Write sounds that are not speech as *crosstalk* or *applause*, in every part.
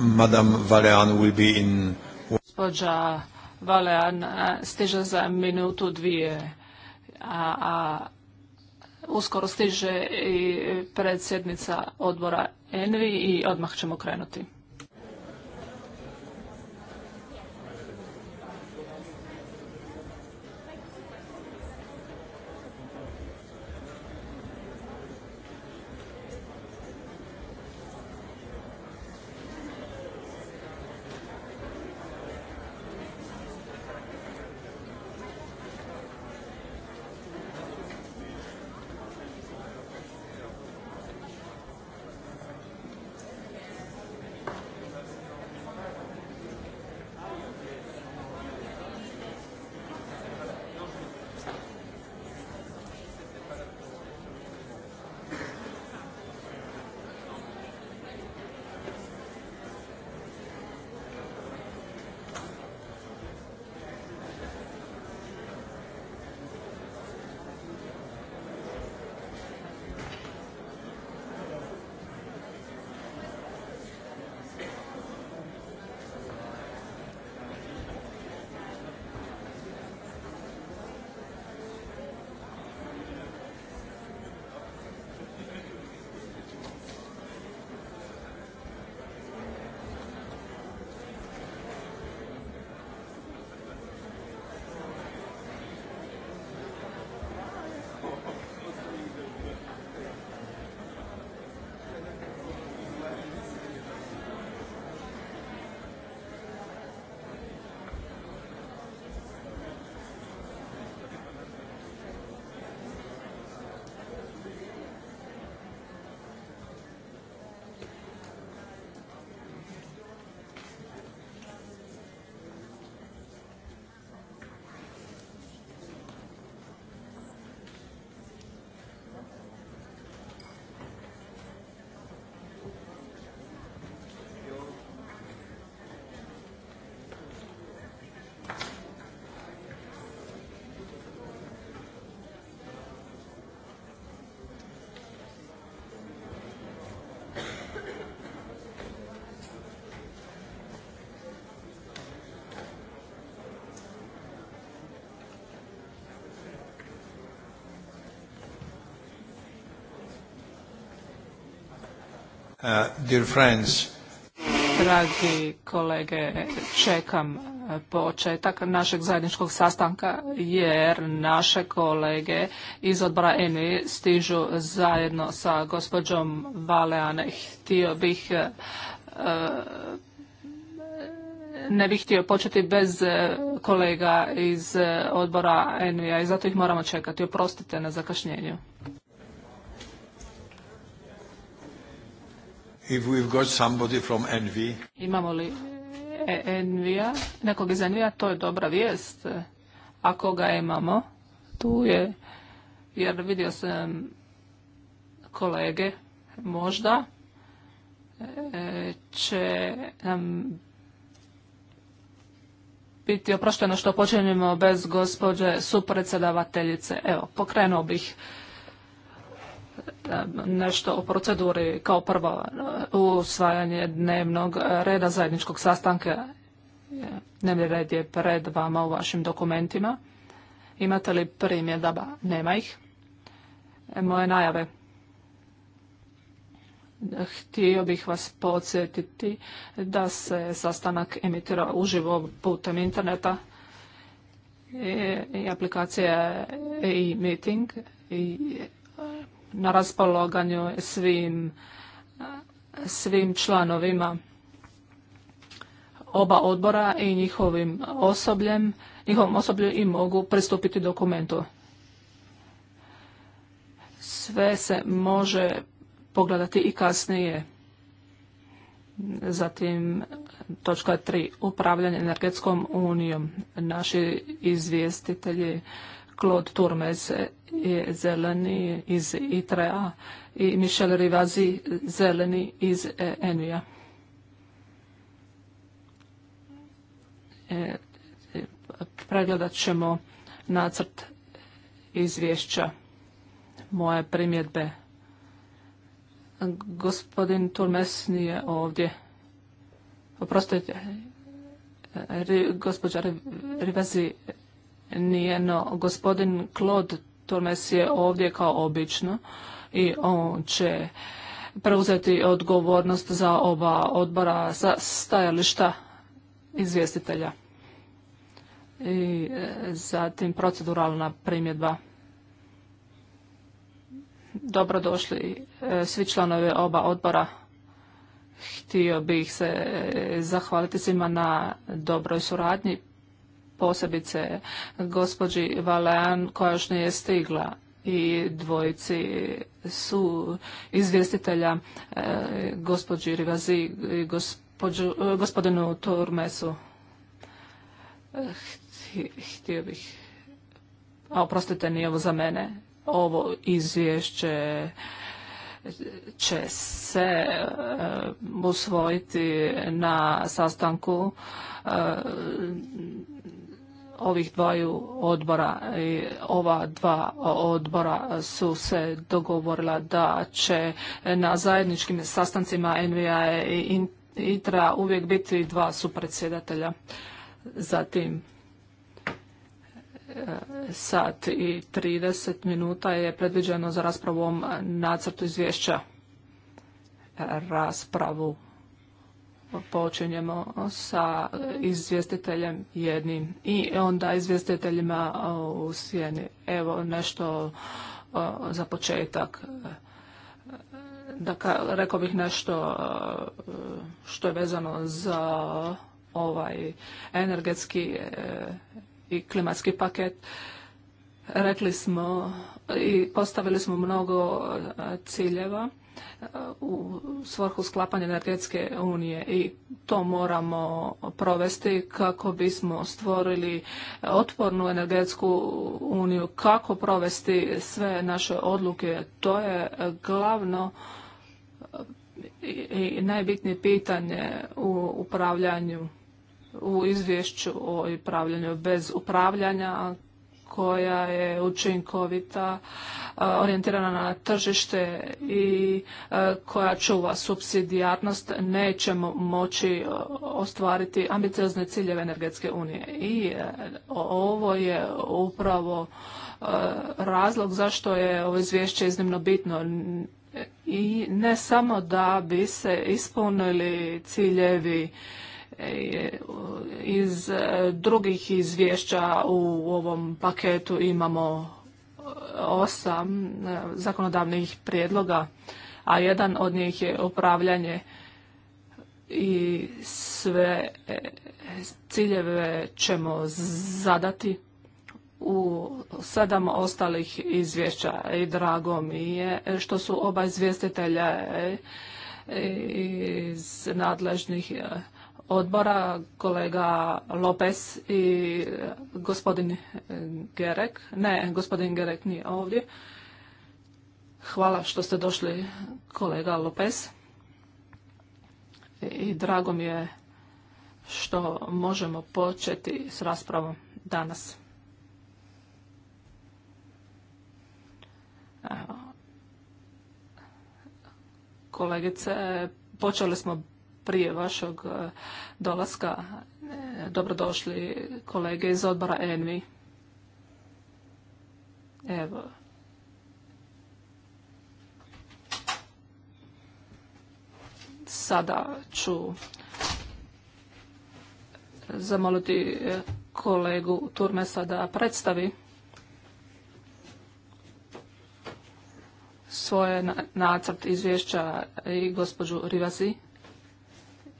Madame Valean in... Gospođa Valean stiže za minutu dvije, a, a uskoro stiže i predsjednica odbora Envi i odmah ćemo krenuti. Uh, Dragi kolege, čekam uh, početak našeg zajedničkog sastanka jer naše kolege iz odbora ENI stižu zajedno sa gospođom Valean. Htio bih uh, ne bih htio početi bez kolega iz odbora eni a i zato ih moramo čekati. Oprostite na zakašnjenju. Imamo li Envija, nekog iz Envija, to je dobra vijest. Ako ga imamo, tu je, jer vidio sam kolege, možda e, će nam biti oprošteno što počinjemo bez gospođe supredsedavateljice. Evo, pokrenuo bih nešto o proceduri. Kao prvo, uh, usvajanje dnevnog reda zajedničkog sastanka. Dnevni red je pred vama u vašim dokumentima. Imate li primjedaba? Nema ih. Moje najave. Htio bih vas podsjetiti da se sastanak emitira uživo putem interneta e, i aplikacija e-meeting i na raspolaganju svim, svim članovima oba odbora i njihovim osobljem, njihovom osoblju i mogu pristupiti dokumentu. Sve se može pogledati i kasnije. Zatim točka 3. Upravljanje energetskom unijom. Naši izvjestitelji Claude Turmes je zeleni iz ITREA i Michel Rivazi zeleni iz e, Envija. E, e, pregledat ćemo nacrt izvješća moje primjedbe. Gospodin Turmes nije ovdje. Oprostite, gospođa Rivazi Nijeno, gospodin Claude tomes je ovdje kao obično i on će preuzeti odgovornost za oba odbora za stajališta izvjestitelja. I e, zatim proceduralna primjedba. Dobrodošli e, svi članovi oba odbora. Htio bih se e, zahvaliti svima na dobroj suradnji posebice gospođi Valean koja još nije stigla i dvojici su izvjestitelja e, gospođi Rivazi i e, gospodinu Turmesu. E, htio bih, a oprostite, nije ovo za mene, ovo izvješće će se usvojiti na sastanku ovih dvaju odbora, e, ova dva odbora su se dogovorila da će na zajedničkim sastancima NVA i ITRA uvijek biti dva supredsjedatelja. Zatim e, sat i 30 minuta je predviđeno za raspravom nacrtu izvješća raspravu počinjemo sa izvjestiteljem jednim i onda izvjestiteljima u sjeni. Evo nešto za početak. Da dakle, rekao bih nešto što je vezano za ovaj energetski e, i klimatski paket. Rekli smo i postavili smo mnogo e, ciljeva u svrhu sklapanja energetske unije i to moramo provesti kako bismo stvorili otpornu energetsku uniju, kako provesti sve naše odluke. To je glavno i najbitnije pitanje u upravljanju u izvješću o upravljanju bez upravljanja koja je učinkovita, e, orijentirana na tržište i e, koja čuva subsidijarnost, nećemo moći e, ostvariti ambiciozne ciljeve energetske unije. I ovo je upravo razlog zašto je ovo izvješće iznimno bitno i ne samo da bi se ispunili ciljevi iz e, drugih izvješća u ovom paketu imamo e, osam e, zakonodavnih prijedloga, a jedan od njih je upravljanje i sve ciljeve ćemo zadati u sedam ostalih izvješća i drago mi je što su oba izvjestitelja iz nadležnih odbora, kolega Lopez i e, gospodin Gerek. Ne, gospodin Gerek nije ovdje. Hvala što ste došli, kolega Lopez. I drago mi je što možemo početi s raspravom danas. Kolegice, počeli smo prije vašeg e, dolaska. E, dobrodošli kolege iz odbora ENVI. Evo. Sada ću zamoliti e, kolegu Turmesa da predstavi svoje nacrt izvješća i gospođu Rivazi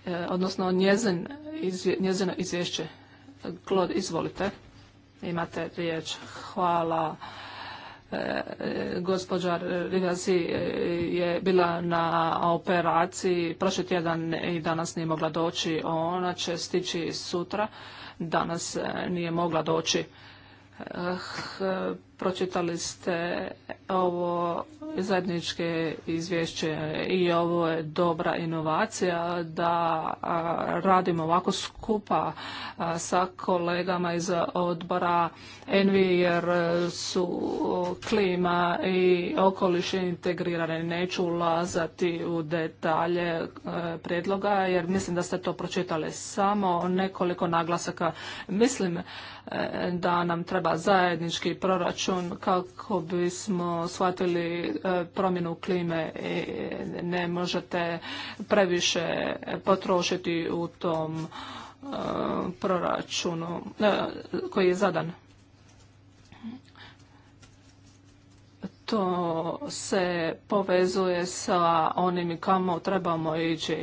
E, odnosno njezin, izvje, njezino izvješće. Klod, izvolite. Imate riječ. Hvala. E, gospođa e, je bila na operaciji prošli tjedan i danas nije mogla doći. Ona će stići sutra. Danas nije mogla doći. Pročitali ste ovo zajedničke izvješće i ovo je dobra inovacija da radimo ovako skupa sa kolegama iz odbora Envi jer su klima i okoliš integrirane. Neću ulazati u detalje e, predloga jer mislim da ste to pročitali samo nekoliko naglasaka. Mislim e, da nam treba zajednički proračun proračun kako bismo shvatili e, promjenu klime i e, ne možete previše potrošiti u tom e, proračunu koji je zadan. to se povezuje sa onim kamo trebamo ići.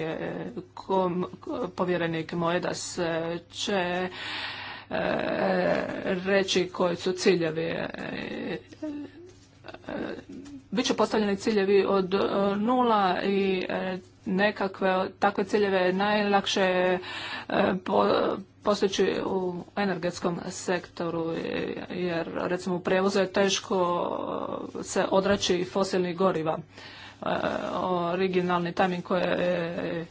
Povjerenik Moedas će E, reći koji su ciljevi. E, e, Biće postavljeni ciljevi od nula i nekakve takve ciljeve je najlakše postići u energetskom sektoru jer recimo u prijevozu je teško se odreći fosilnih goriva. Originalni timing koji je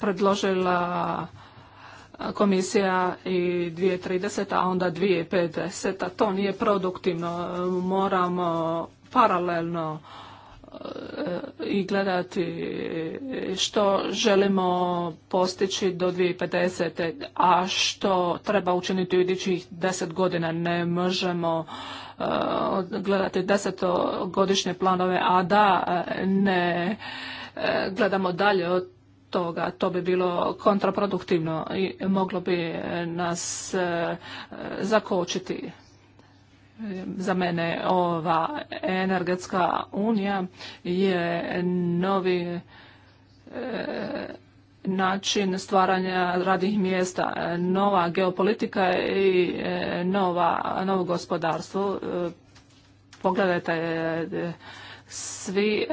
predložila komisija i 2030, a onda 2050. To nije produktivno. Moramo paralelno e, i gledati što želimo postići do 2050. a što treba učiniti u idućih deset godina. Ne možemo e, gledati desetogodišnje planove, a da e, ne gledamo dalje od toga. To bi bilo kontraproduktivno i moglo bi eh, nas eh, zakočiti. Eh, za mene ova energetska unija je novi način stvaranja radnih mjesta, nova geopolitika i novo gospodarstvo. Pogledajte svi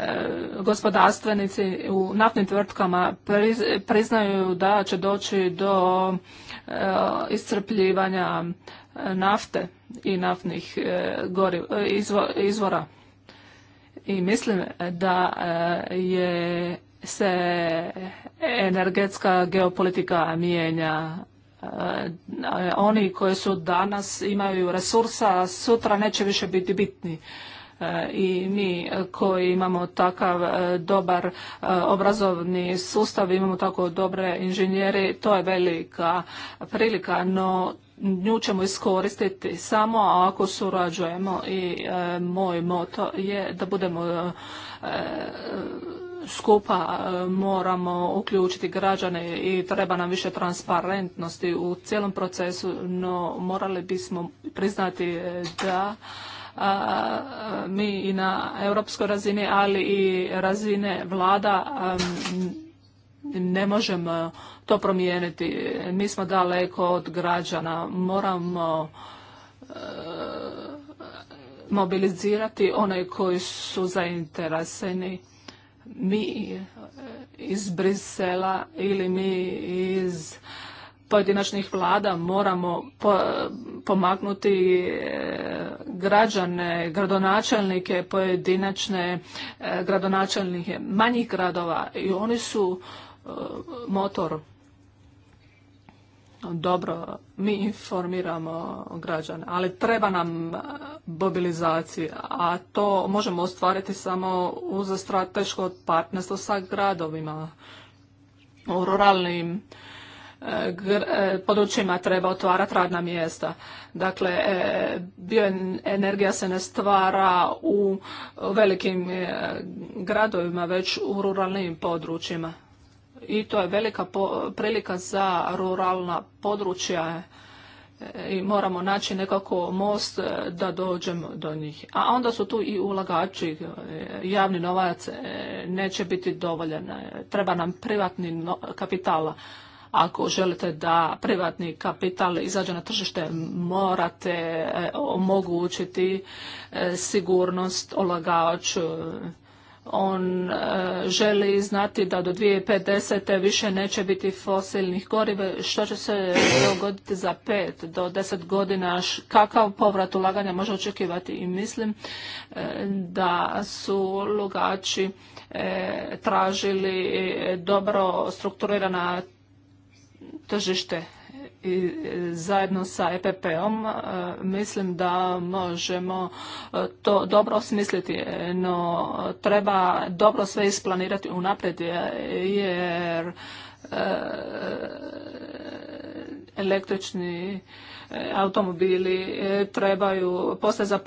E, gospodarstvenici u naftnim tvrtkama priznaju da će doći do e, iscrpljivanja e, nafte i naftnih izvora. I mislim da je se energetska geopolitika mijenja. Oni koji su danas imaju resursa, sutra neće više biti bitni. E, i mi koji imamo takav e, dobar e, obrazovni sustav, imamo tako dobre inženjere, to je velika prilika, no nju ćemo iskoristiti samo ako surađujemo i moj moto je da budemo skupa moramo uključiti građane i treba nam više transparentnosti u cijelom procesu, no morali bismo priznati da mi i na europskoj razini, ali i razine vlada ne možemo to promijeniti. Mi smo daleko od građana. Moramo e, mobilizirati one koji su zaintereseni. Mi e, iz Brisela ili mi iz pojedinačnih vlada moramo pomaknuti e, građane, gradonačelnike, pojedinačne e, gradonačelnike manjih gradova i oni su e, motor. Dobro, mi informiramo građane, ali treba nam mobilizacija, a to možemo ostvariti samo uz strateško partnerstvo sa gradovima, u ruralnim E, područjima treba otvarati radna mjesta. Dakle, e, bioenergija se ne stvara u velikim e, gradovima, već u ruralnim područjima. I to je velika prilika za ruralna područja i moramo naći nekako most da dođemo do njih. A onda su tu i ulagači, javni novac neće biti dovoljan, treba nam privatni kapitala. Ako želite da privatni kapital izađe na tržište, morate e, omogućiti e, sigurnost ulagaču on e, želi znati da do 2050. više neće biti fosilnih goriva. Što će se dogoditi za 5 do 10 godina? Kakav povrat ulaganja može očekivati? I mislim da su lugači tražili dobro strukturirana tržište i e, zajedno sa EPP-om e, mislim da možemo e, to dobro osmisliti, no treba dobro sve isplanirati unaprijed jer električni automobili trebaju posle za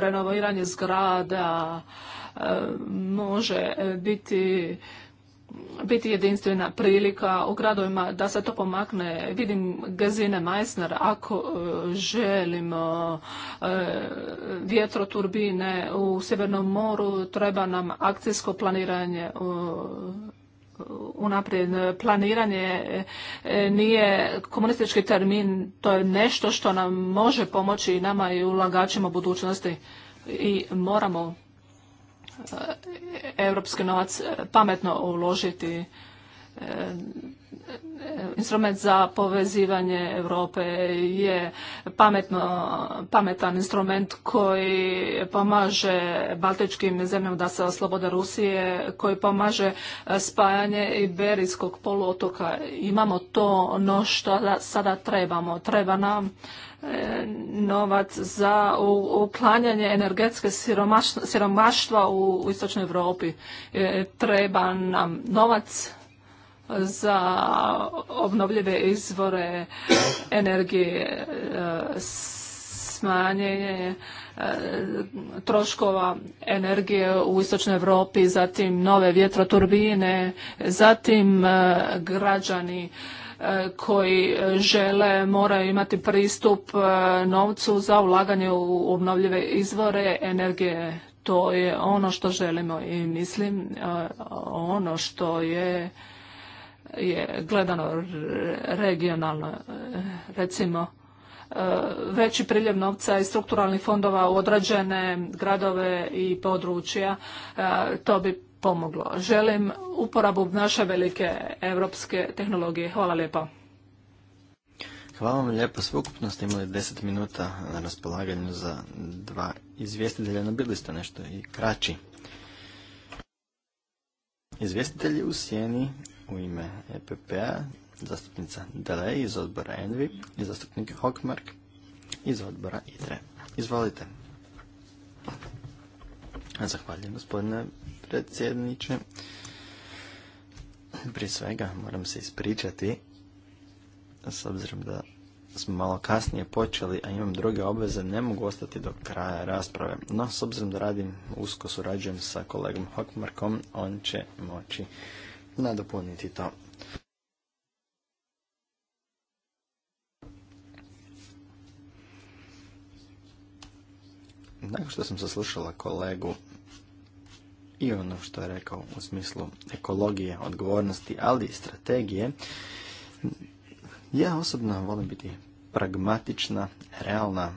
renoviranje zgrada može biti biti jedinstvena prilika u gradovima da se to pomakne. Vidim gazine Meissner, ako e, želimo e, vjetroturbine u Sjevernom moru, treba nam akcijsko planiranje e, unaprijed planiranje nije komunistički termin, to je nešto što nam može pomoći i nama i ulagačima budućnosti i moramo europski novac e, pametno uložiti e, e, instrument za povezivanje Europe je pametno, pametan instrument koji pomaže baltičkim zemljama da se oslobode Rusije, koji pomaže spajanje Iberijskog poluotoka. Imamo to, no što sada trebamo. Treba nam novac za uklanjanje energetske siromaštva u istočnoj Europi. E, treba nam novac za obnovljive izvore energije, e, smanjenje e, troškova energije u istočnoj Europi, zatim nove vjetroturbine, zatim građani koji e, žele moraju imati pristup e, novcu za ulaganje u obnovljive izvore energije. To je ono što želimo i mislim e, ono što je je gledano regionalno recimo veći priljev novca iz strukturalnih fondova u određene gradove i područja. To bi pomoglo. Želim uporabu naše velike evropske tehnologije. Hvala lijepo. Hvala vam lijepo. Sveukupno ste imali deset minuta na raspolaganju za dva izvjestitelja. na bili ste nešto i kraći. Izvjestitelji u sjeni u ime EPP-a, zastupnica Delej iz odbora Envi i zastupnik Hockmark iz odbora ITRE. Izvolite. Zahvaljujem gospodine predsjedniče. Prije svega moram se ispričati s obzirom da smo malo kasnije počeli, a imam druge obveze, ne mogu ostati do kraja rasprave. No, s obzirom da radim, usko surađujem sa kolegom Hockmarkom, on će moći nadopuniti to. Nakon što sam saslušala kolegu i ono što je rekao u smislu ekologije, odgovornosti, ali i strategije. Ja osobno volim biti pragmatična, realna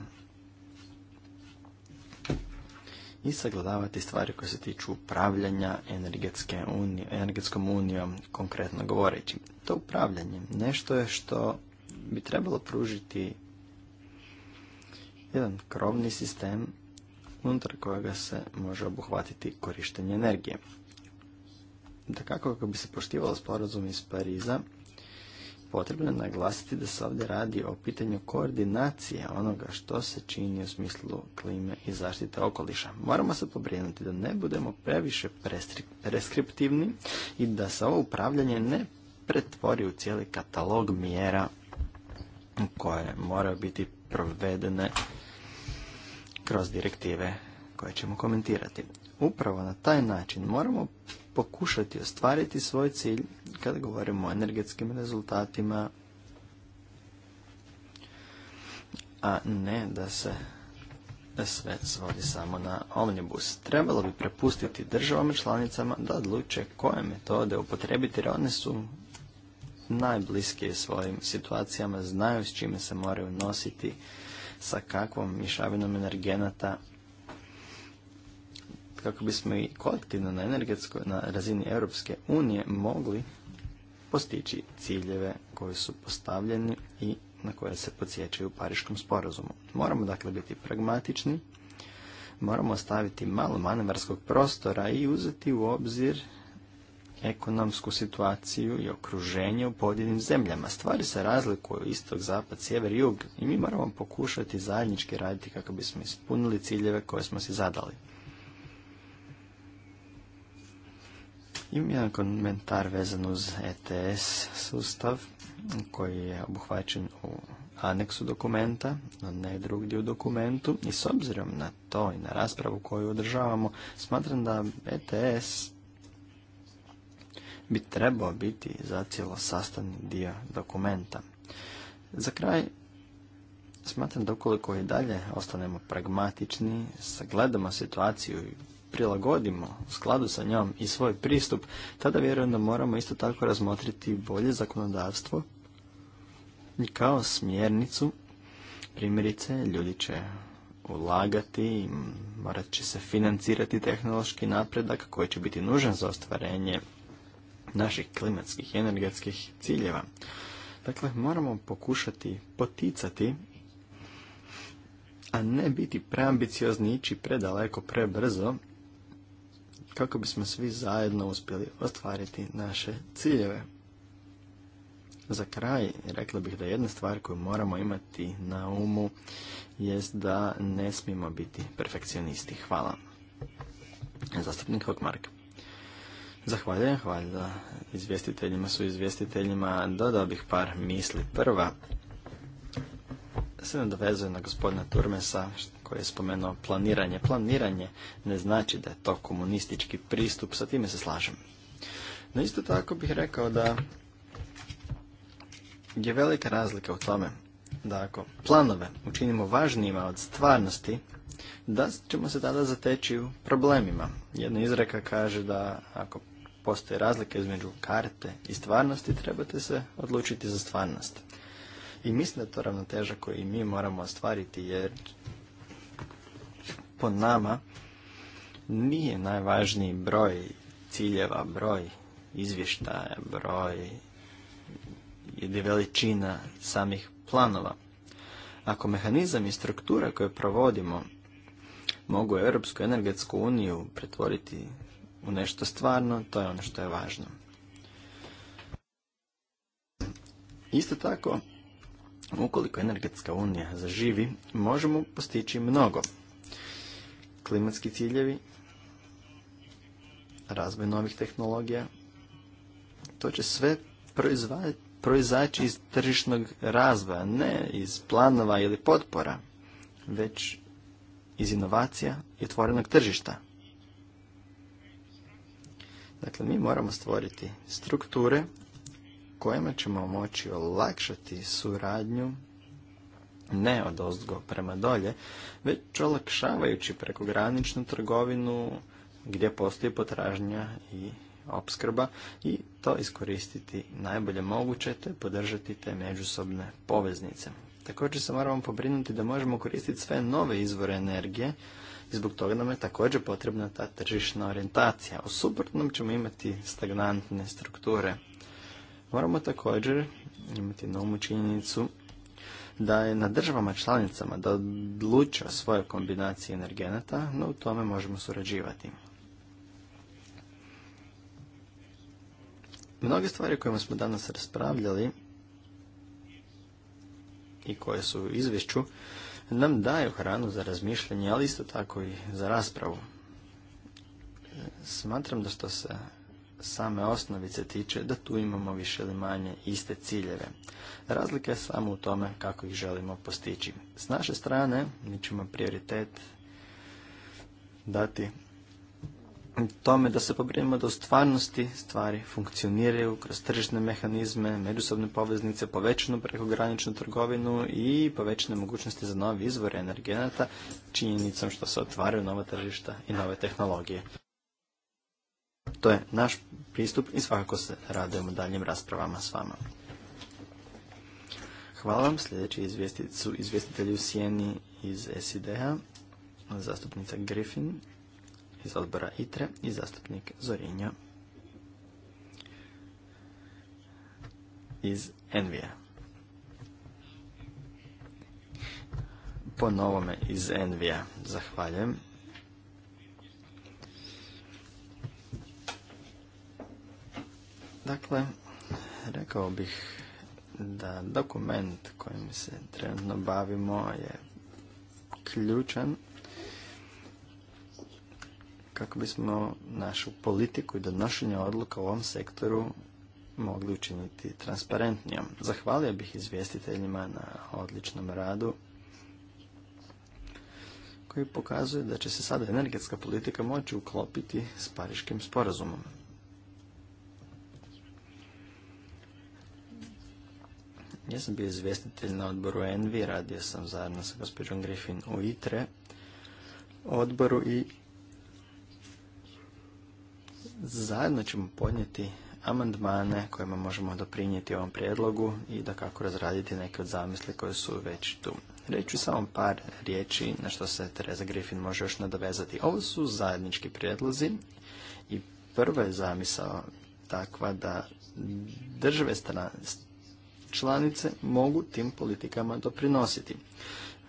i sagledavati stvari koje se tiču upravljanja energetske energetskom unijom, konkretno govoreći. To upravljanje nešto je što bi trebalo pružiti jedan krovni sistem unutar kojega se može obuhvatiti korištenje energije. Da kako, kako bi se poštivalo sporazum iz Pariza, potrebno je naglasiti da se ovdje radi o pitanju koordinacije onoga što se čini u smislu klime i zaštite okoliša. Moramo se pobrinuti da ne budemo previše preskriptivni i da se ovo upravljanje ne pretvori u cijeli katalog mjera koje moraju biti provedene kroz direktive koje ćemo komentirati. Upravo na taj način moramo pokušati ostvariti svoj cilj kada govorimo o energetskim rezultatima, a ne da se sve svodi samo na omnibus. Trebalo bi prepustiti državama članicama da odluče koje metode upotrebiti, jer one su najbliskije svojim situacijama, znaju s čime se moraju nositi sa kakvom mješavinom energenata kako bismo i kolektivno na energetskoj, na razini Europske unije mogli postići ciljeve koji su postavljeni i na koje se podsjećaju u Pariškom sporazumu. Moramo dakle biti pragmatični, moramo ostaviti malo manevarskog prostora i uzeti u obzir ekonomsku situaciju i okruženje u pojedinim zemljama. Stvari se razlikuju istog, zapad, sjever, jug i mi moramo pokušati zajednički raditi kako bismo ispunili ciljeve koje smo si zadali. Imam jedan komentar vezan uz ETS sustav koji je obuhvaćen u aneksu dokumenta, no ne drugdje u dokumentu i s obzirom na to i na raspravu koju održavamo, smatram da ETS bi trebao biti zacijelo sastavni dio dokumenta. Za kraj, smatram da ukoliko i dalje ostanemo pragmatični, sagledamo situaciju i prilagodimo u skladu sa njom i svoj pristup, tada vjerujem da moramo isto tako razmotriti bolje zakonodavstvo i kao smjernicu primjerice ljudi će ulagati, morat će se financirati tehnološki napredak koji će biti nužan za ostvarenje naših klimatskih i energetskih ciljeva. Dakle, moramo pokušati poticati, a ne biti preambiciozni ići predaleko prebrzo, kako bismo svi zajedno uspjeli ostvariti naše ciljeve. Za kraj, rekla bih da jedna stvar koju moramo imati na umu jest da ne smijemo biti perfekcionisti. Hvala. Zastupnik Hokmark. Zahvaljujem, hvala izvjestiteljima su izvjestiteljima. Dodao bih par misli. Prva se nadovezuje na gospodina Turmesa koji je spomenuo planiranje. Planiranje ne znači da je to komunistički pristup, sa time se slažem. No isto tako bih rekao da je velika razlika u tome da ako planove učinimo važnijima od stvarnosti, da ćemo se tada zateći u problemima. Jedna izreka kaže da ako postoje razlike između karte i stvarnosti, trebate se odlučiti za stvarnost. I mislim da je to ravnoteža koju i mi moramo ostvariti jer po nama nije najvažniji broj ciljeva, broj izvještaja, broj ili veličina samih planova. Ako mehanizam i struktura koje provodimo mogu Europsku energetsku uniju pretvoriti u nešto stvarno, to je ono što je važno. Isto tako, ukoliko energetska unija zaživi, možemo postići mnogo. Klimatski ciljevi, razvoj novih tehnologija, to će sve proizaći iz tržišnog razvoja, ne iz planova ili potpora, već iz inovacija i otvorenog tržišta. Dakle, mi moramo stvoriti strukture kojima ćemo moći olakšati suradnju ne od ozgo prema dolje, već olakšavajući prekograničnu trgovinu gdje postoji potražnja i opskrba i to iskoristiti najbolje moguće te podržati te međusobne poveznice. Također se moramo pobrinuti da možemo koristiti sve nove izvore energije i zbog toga nam je također potrebna ta tržišna orijentacija. U suprotnom ćemo imati stagnantne strukture. Moramo također imati na umu činjenicu da je na državama članicama da odluče o svojoj kombinaciji energenata, no u tome možemo surađivati. Mnoge stvari o kojima smo danas raspravljali i koje su u izvješću nam daju hranu za razmišljanje, ali isto tako i za raspravu. Smatram da što se same osnovice tiče, da tu imamo više ili manje iste ciljeve. Razlika je samo u tome kako ih želimo postići. S naše strane mi ćemo prioritet dati tome da se pobrinemo da u stvarnosti stvari funkcioniraju kroz tržne mehanizme, međusobne poveznice, povećanu prekograničnu trgovinu i povećane mogućnosti za nove izvore energenata činjenicom što se otvaraju nova tržišta i nove tehnologije. To je naš pristup i svakako se radujemo daljim raspravama s vama. Hvala vam. Sljedeći izvjestitelj izvjestitelji u Sijeni iz SID-a, zastupnica Griffin iz odbora ITRE i zastupnik Zorinja iz Envija. Po novome iz Envija. Zahvaljujem. Dakle, rekao bih da dokument kojim se trenutno bavimo je ključan kako bismo našu politiku i donošenje odluka u ovom sektoru mogli učiniti transparentnijom. Zahvalio bih izvjestiteljima na odličnom radu koji pokazuje da će se sada energetska politika moći uklopiti s Pariškim sporazumom. Ja sam bio izvjestitelj na odboru Envi, radio sam zajedno sa gospođom Griffin u ITRE odboru i Zajedno ćemo podnijeti amandmane kojima možemo doprinijeti ovom prijedlogu i da kako razraditi neke od zamisli koje su već tu. ću samo par riječi na što se Tereza Griffin može još nadovezati. Ovo su zajednički prijedlozi i prva je zamisao takva da države članice mogu tim politikama doprinositi.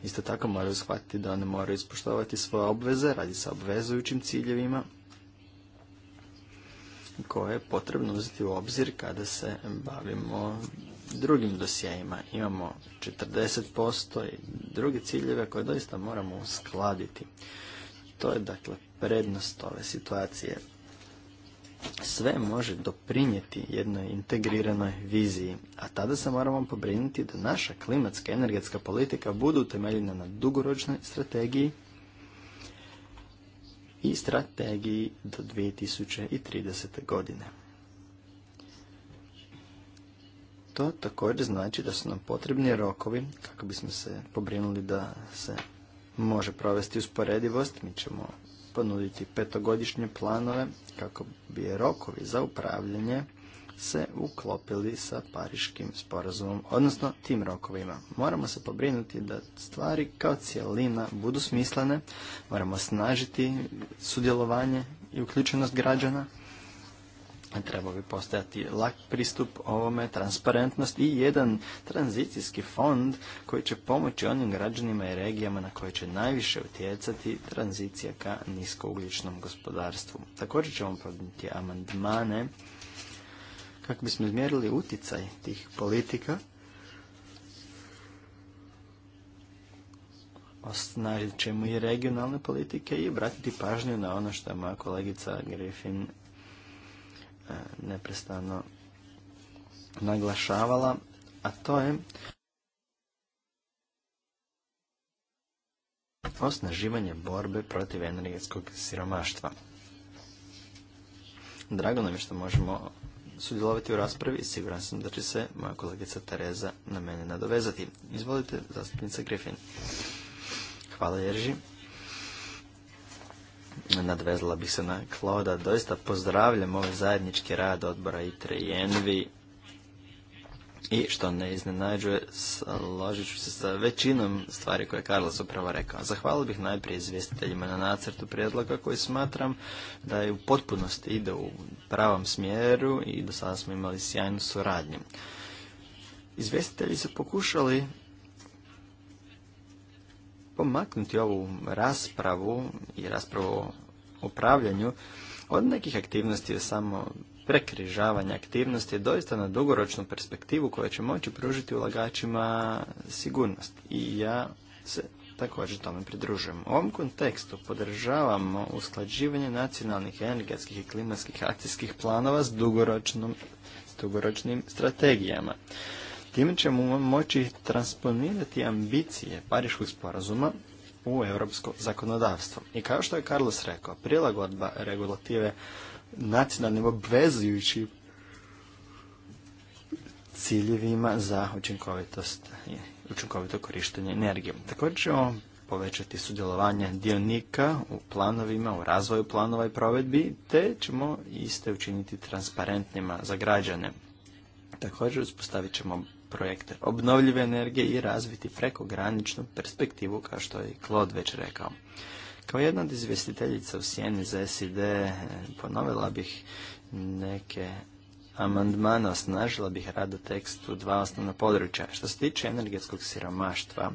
Isto tako moraju shvatiti da one moraju ispoštovati svoje obveze, radi se obvezujućim ciljevima koje je potrebno uzeti u obzir kada se bavimo drugim dosjejima. Imamo 40% i druge ciljeve koje doista moramo uskladiti. To je dakle prednost ove situacije. Sve može doprinijeti jednoj integriranoj viziji, a tada se moramo pobrinuti da naša klimatska energetska politika budu utemeljena na dugoročnoj strategiji i strategiji do 2030. godine. To također znači da su nam potrebni rokovi kako bismo se pobrinuli da se može provesti usporedivost. Mi ćemo ponuditi petogodišnje planove kako bi rokovi za upravljanje se uklopili sa pariškim sporazumom, odnosno tim rokovima. Moramo se pobrinuti da stvari kao cijelina budu smislene, moramo snažiti sudjelovanje i uključenost građana, Treba bi postojati lak pristup ovome, transparentnost i jedan tranzicijski fond koji će pomoći onim građanima i regijama na koje će najviše utjecati tranzicija ka niskougličnom gospodarstvu. Također ćemo podnijeti amandmane kako bismo izmjerili utjecaj tih politika, osnažit ćemo i regionalne politike i obratiti pažnju na ono što je moja kolegica Griffin e, neprestano naglašavala, a to je osnaživanje borbe protiv energetskog siromaštva. Drago nam je što možemo sudjelovati u raspravi siguran sam da će se moja kolegica Tereza na mene nadovezati. Izvolite, zastupnica Griffin. Hvala Jerži. Nadvezala bih se na Kloda. Doista pozdravljam ovaj zajednički rad odbora ITRE i ENVI i što ne iznenađuje, složit ću se sa većinom stvari koje je Carlos upravo rekao. Zahvalio bih najprije izvjestiteljima na nacrtu prijedloga koji smatram da je u potpunosti ide u pravom smjeru i do sada smo imali sjajnu suradnju. Izvjestitelji su pokušali pomaknuti ovu raspravu i raspravu o upravljanju od nekih aktivnosti samo Prekrižavanje aktivnosti je doista na dugoročnu perspektivu koja će moći pružiti ulagačima sigurnost. I ja se također tome pridružujem. U ovom kontekstu podržavamo usklađivanje nacionalnih energetskih i klimatskih akcijskih planova s s dugoročnim strategijama. Time ćemo moći transponirati ambicije Pariškog sporazuma u europsko zakonodavstvo. I kao što je Carlos rekao, prilagodba regulative nacionalnim obvezujućim ciljevima za učinkovitost i učinkovito korištenje energije. Također ćemo povećati sudjelovanje dionika u planovima, u razvoju planova i provedbi, te ćemo iste učiniti transparentnima za građane. Također uspostavit ćemo projekte obnovljive energije i razviti prekograničnu perspektivu, kao što je i Claude već rekao. Kao jedna od izvjestiteljica u Sjeni za SID e, ponovila bih neke amandmana osnažila bih u tekstu dva osnovna područja. Što se tiče energetskog siromaštva,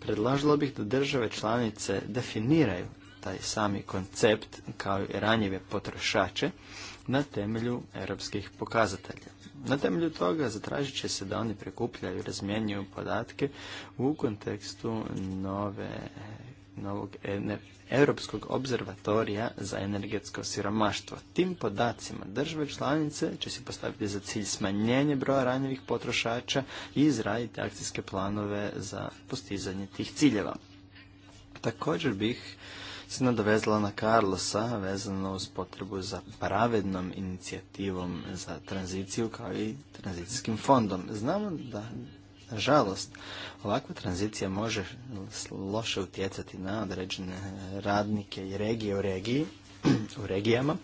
predložila bih da države članice definiraju taj sami koncept kao i ranjive potrošače na temelju europskih pokazatelja. Na temelju toga zatražit će se da oni prikupljaju i razmjenjuju podatke u kontekstu nove novog Europskog observatorija za energetsko siromaštvo. Tim podacima države članice će se postaviti za cilj smanjenje broja ranjivih potrošača i izraditi akcijske planove za postizanje tih ciljeva. Također bih se nadovezala na Carlosa vezano uz potrebu za pravednom inicijativom za tranziciju kao i tranzicijskim fondom. Znamo da Nažalost, ovakva tranzicija može loše utjecati na određene radnike i regije u regiji, *clears throat* u regijama,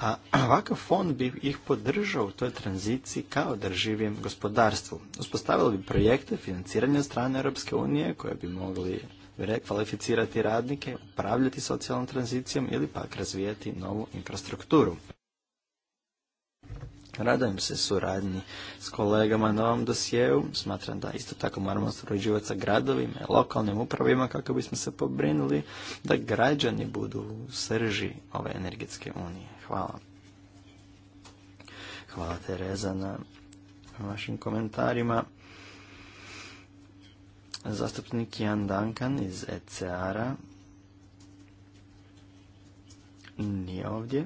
a *clears throat* ovakav fond bi ih podržao u toj tranziciji kao drživijem gospodarstvu. Uspostavili bi projekte financiranja od strane Europske unije koje bi mogli rekvalificirati radnike, upravljati socijalnom tranzicijom ili pak razvijati novu infrastrukturu. Radujem se suradnji s kolegama na ovom dosjeu. Smatram da isto tako moramo surađivati sa gradovima i lokalnim upravima kako bismo se pobrinuli da građani budu u srži ove energetske unije. Hvala. Hvala Tereza na vašim komentarima. Zastupnik Jan Duncan iz ECR-a nije ovdje.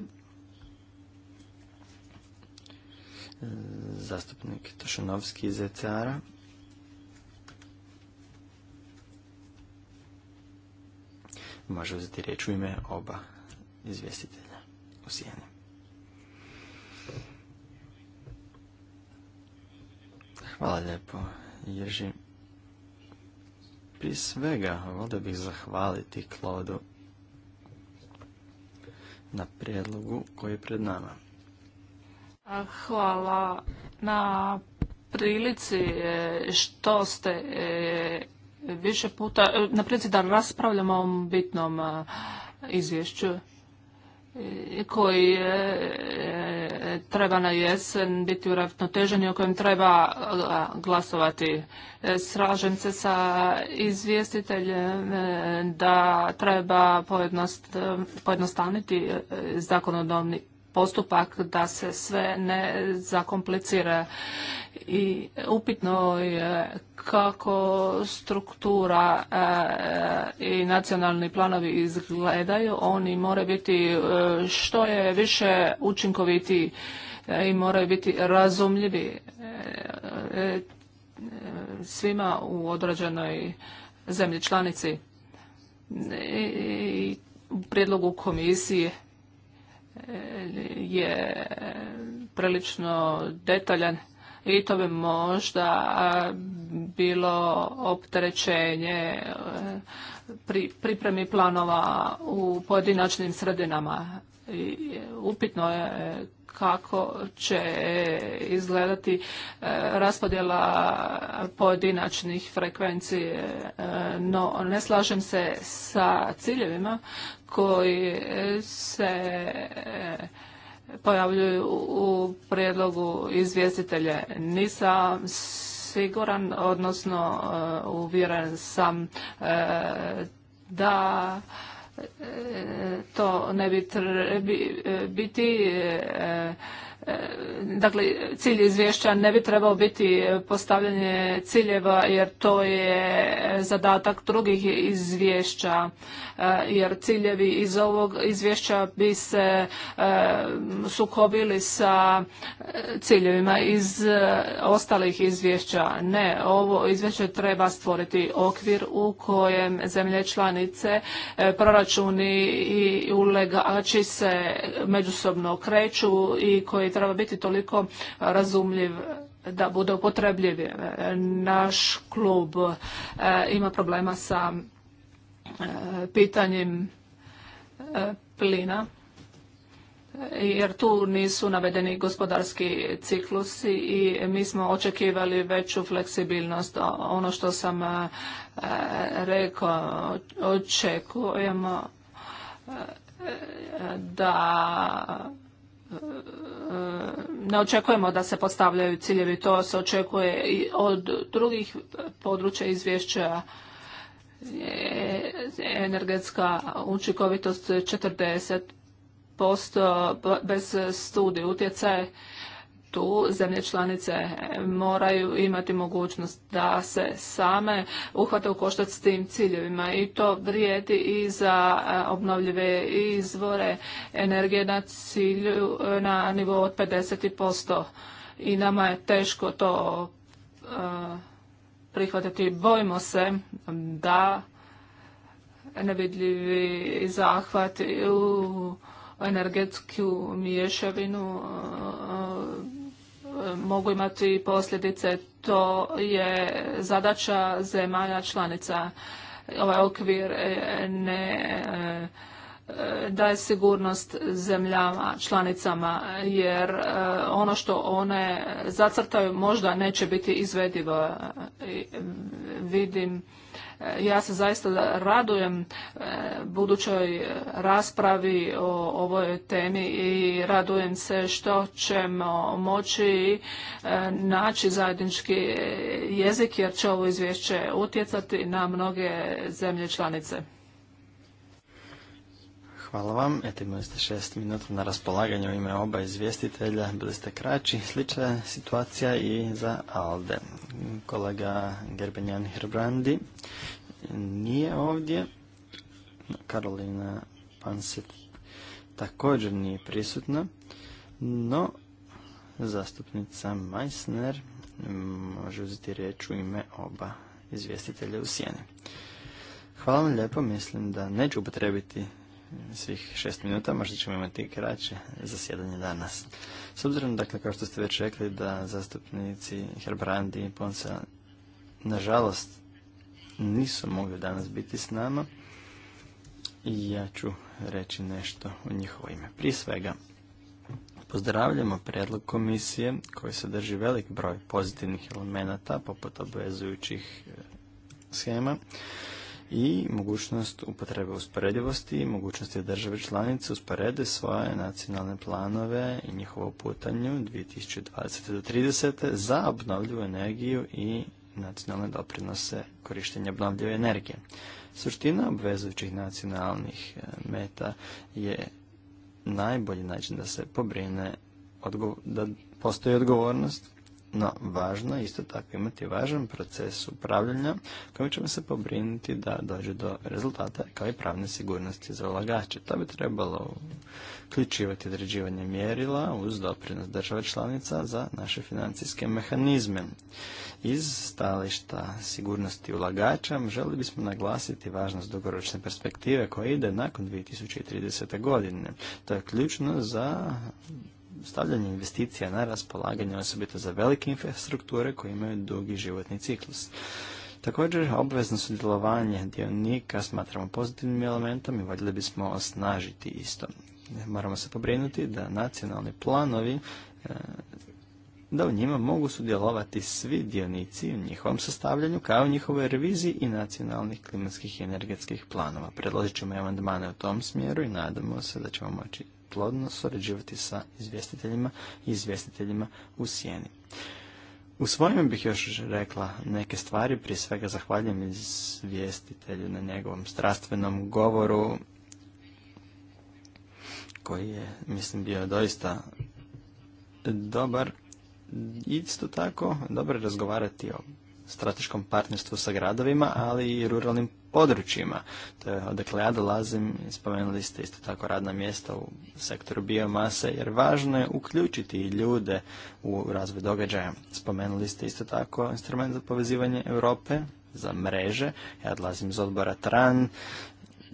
zastupnik Tošanovski iz ECR-a. Može uzeti riječ u ime oba izvjestitelja u Sijeni. Hvala lijepo, Jerži. Prije svega, volio bih zahvaliti Klodu na prijedlogu koji je pred nama. Hvala na prilici e, što ste e, više puta, e, na prilici da raspravljamo o ovom bitnom izvješću koji treba na jesen biti uravnotežen i o kojem treba glasovati. Sražem se sa izvjestiteljem da treba pojednostaviti zakonodavni postupak da se sve ne zakomplicira i upitno je kako struktura e, i nacionalni planovi izgledaju. Oni moraju biti e, što je više učinkoviti e, i moraju biti razumljivi svima u određenoj zemlji članici i u prijedlogu komisije je prilično detaljan i to bi možda bilo opterećenje e, pripremi planova u pojedinačnim sredinama. E, upitno je e, kako će e, izgledati raspodjela pojedinačnih frekvencije, No, ne slažem se sa ciljevima koji se pojavljuju u prijedlogu izvjestitelje. Nisam siguran, odnosno uvjeren sam da to ne bi e, biti e, E, dakle, cilj izvješća ne bi trebao biti postavljanje ciljeva jer to je zadatak drugih izvješća, e, jer ciljevi iz ovog izvješća bi se e, sukobili sa ciljevima iz ostalih izvješća. Ne, ovo izvješće treba stvoriti okvir u kojem zemlje članice, proračuni i ulegači se međusobno kreću i koji treba biti toliko razumljiv da bude upotrebljiv. E, naš klub e, ima problema sa e, pitanjem plina jer tu nisu navedeni gospodarski ciklusi i mi smo očekivali veću fleksibilnost. Ono što sam rekao, očekujemo da ne očekujemo da se postavljaju ciljevi, to se očekuje i od drugih područja izvješća energetska učinkovitost 40% bez studije utjecaja tu zemlje članice moraju imati mogućnost da se same uhvate u koštac s tim ciljevima i to vrijedi i za eh, obnovljive izvore energije na cilju eh, na nivou od 50% i nama je teško to eh, prihvatiti. Bojimo se da nevidljivi zahvat u energetsku miješavinu mogu imati posljedice. To je zadaća zemalja članica. Ovaj okvir e, ne e, daje sigurnost zemljama, članicama, jer e, ono što one zacrtaju možda neće biti izvedivo. Vidim E, ja se zaista radujem e, budućoj e, raspravi o ovoj temi i radujem se što ćemo moći naći zajednički jezik jer će ovo izvješće utjecati na mnoge zemlje članice. Hvala vam. Eto imali ste šest minuta na raspolaganju ime oba izvjestitelja. Bili ste kraći. Slična je situacija i za Alde. Kolega Gerbenjan Herbrandi nije ovdje. Karolina Panset također nije prisutna. No, zastupnica Meissner može uzeti riječ u ime oba izvjestitelja u sjeni. Hvala vam lijepo, mislim da neću upotrebiti svih šest minuta, možda ćemo imati kraće zasjedanje danas. S obzirom, dakle, kao što ste već rekli, da zastupnici Herbrandi i Ponsa, nažalost, nisu mogli danas biti s nama, i ja ću reći nešto u njihovo ime. Prije svega, pozdravljamo predlog komisije koji sadrži velik broj pozitivnih elemenata, poput obvezujućih eh, schema, i mogućnost upotrebe usporedivosti i mogućnosti države članice usporede svoje nacionalne planove i njihovo putanju 2020. do 2030. za obnovljivu energiju i nacionalne doprinose korištenja obnovljive energije. Suština obvezujućih nacionalnih e, meta je najbolji način da se pobrine da postoji odgovornost no, važno je isto tako imati važan proces upravljanja kojim ćemo se pobrinuti da dođe do rezultata kao i pravne sigurnosti za ulagače. To bi trebalo uključivati određivanje mjerila uz doprinos država članica za naše financijske mehanizme. Iz stališta sigurnosti ulagača želi bismo naglasiti važnost dugoročne perspektive koja ide nakon 2030. godine. To je ključno za stavljanje investicija na raspolaganje, osobito za velike infrastrukture koje imaju dugi životni ciklus. Također, obvezno sudjelovanje dionika smatramo pozitivnim elementom i voljeli bismo osnažiti isto. Moramo se pobrinuti da nacionalni planovi e, da u njima mogu sudjelovati svi dionici u njihovom sastavljanju kao i njihovoj reviziji i nacionalnih klimatskih i energetskih planova. Predložit ćemo amandmane u tom smjeru i nadamo se da ćemo moći plodno surađivati sa izvjestiteljima i izvjestiteljima u sjeni. U svojim bih još rekla neke stvari, prije svega zahvaljujem izvjestitelju na njegovom strastvenom govoru, koji je, mislim, bio doista dobar. Isto tako, dobro je razgovarati o strateškom partnerstvu sa gradovima, ali i ruralnim područjima. To je odakle ja dolazim, spomenuli ste isto tako radna mjesta u sektoru biomase, jer važno je uključiti i ljude u razvoj događaja. Spomenuli ste isto tako instrument za povezivanje Europe, za mreže. Ja dolazim iz odbora TRAN,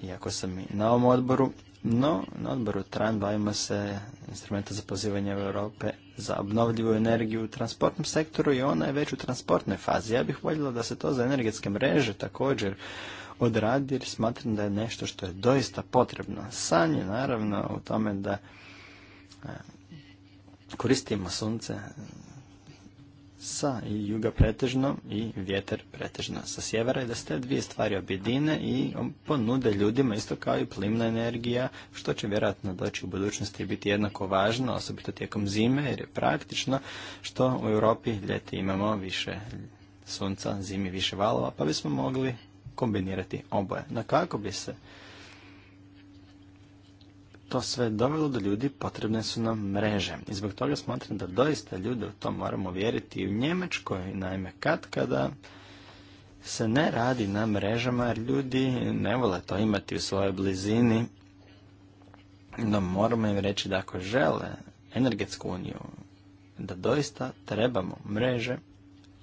iako sam i na ovom odboru, no, na odboru TRAN bavimo se instrumenta za povezivanje Europe za obnovljivu energiju u transportnom sektoru i ona je već u transportnoj fazi. Ja bih voljela da se to za energetske mreže također odradi jer smatram da je nešto što je doista potrebno. San je naravno u tome da e, koristimo sunce e, sa i juga pretežno i vjetar pretežno sa sjevera i da se te dvije stvari objedine i ponude ljudima isto kao i plimna energija što će vjerojatno doći u budućnosti i biti jednako važno, osobito tijekom zime jer je praktično što u Europi ljeti imamo više sunca, zimi više valova pa bismo mogli kombinirati oboje. Na kako bi se to sve dovelo do ljudi, potrebne su nam mreže. I zbog toga smatram da doista ljude u to moramo vjeriti i u Njemačkoj, naime kad kada se ne radi na mrežama jer ljudi ne vole to imati u svojoj blizini. No moramo im reći da ako žele energetsku uniju, da doista trebamo mreže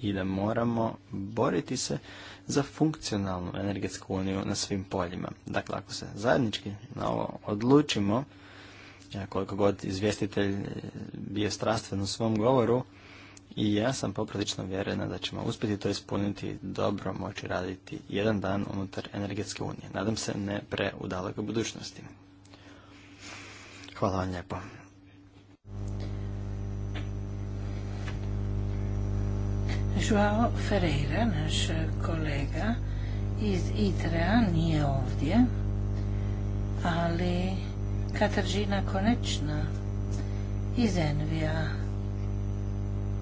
i da moramo boriti se za funkcionalnu energetsku uniju na svim poljima. Dakle, ako se zajednički na ovo odlučimo, koliko god izvjestitelj bio strastven u svom govoru, i ja sam poprilično vjerena da ćemo uspjeti to ispuniti dobro moći raditi jedan dan unutar energetske unije. Nadam se ne pre u dalekoj budućnosti. Hvala vam lijepo. Joao Ferreira, naš kolega iz ITREA, nije ovdje, ali Kataržina Konečna iz Envija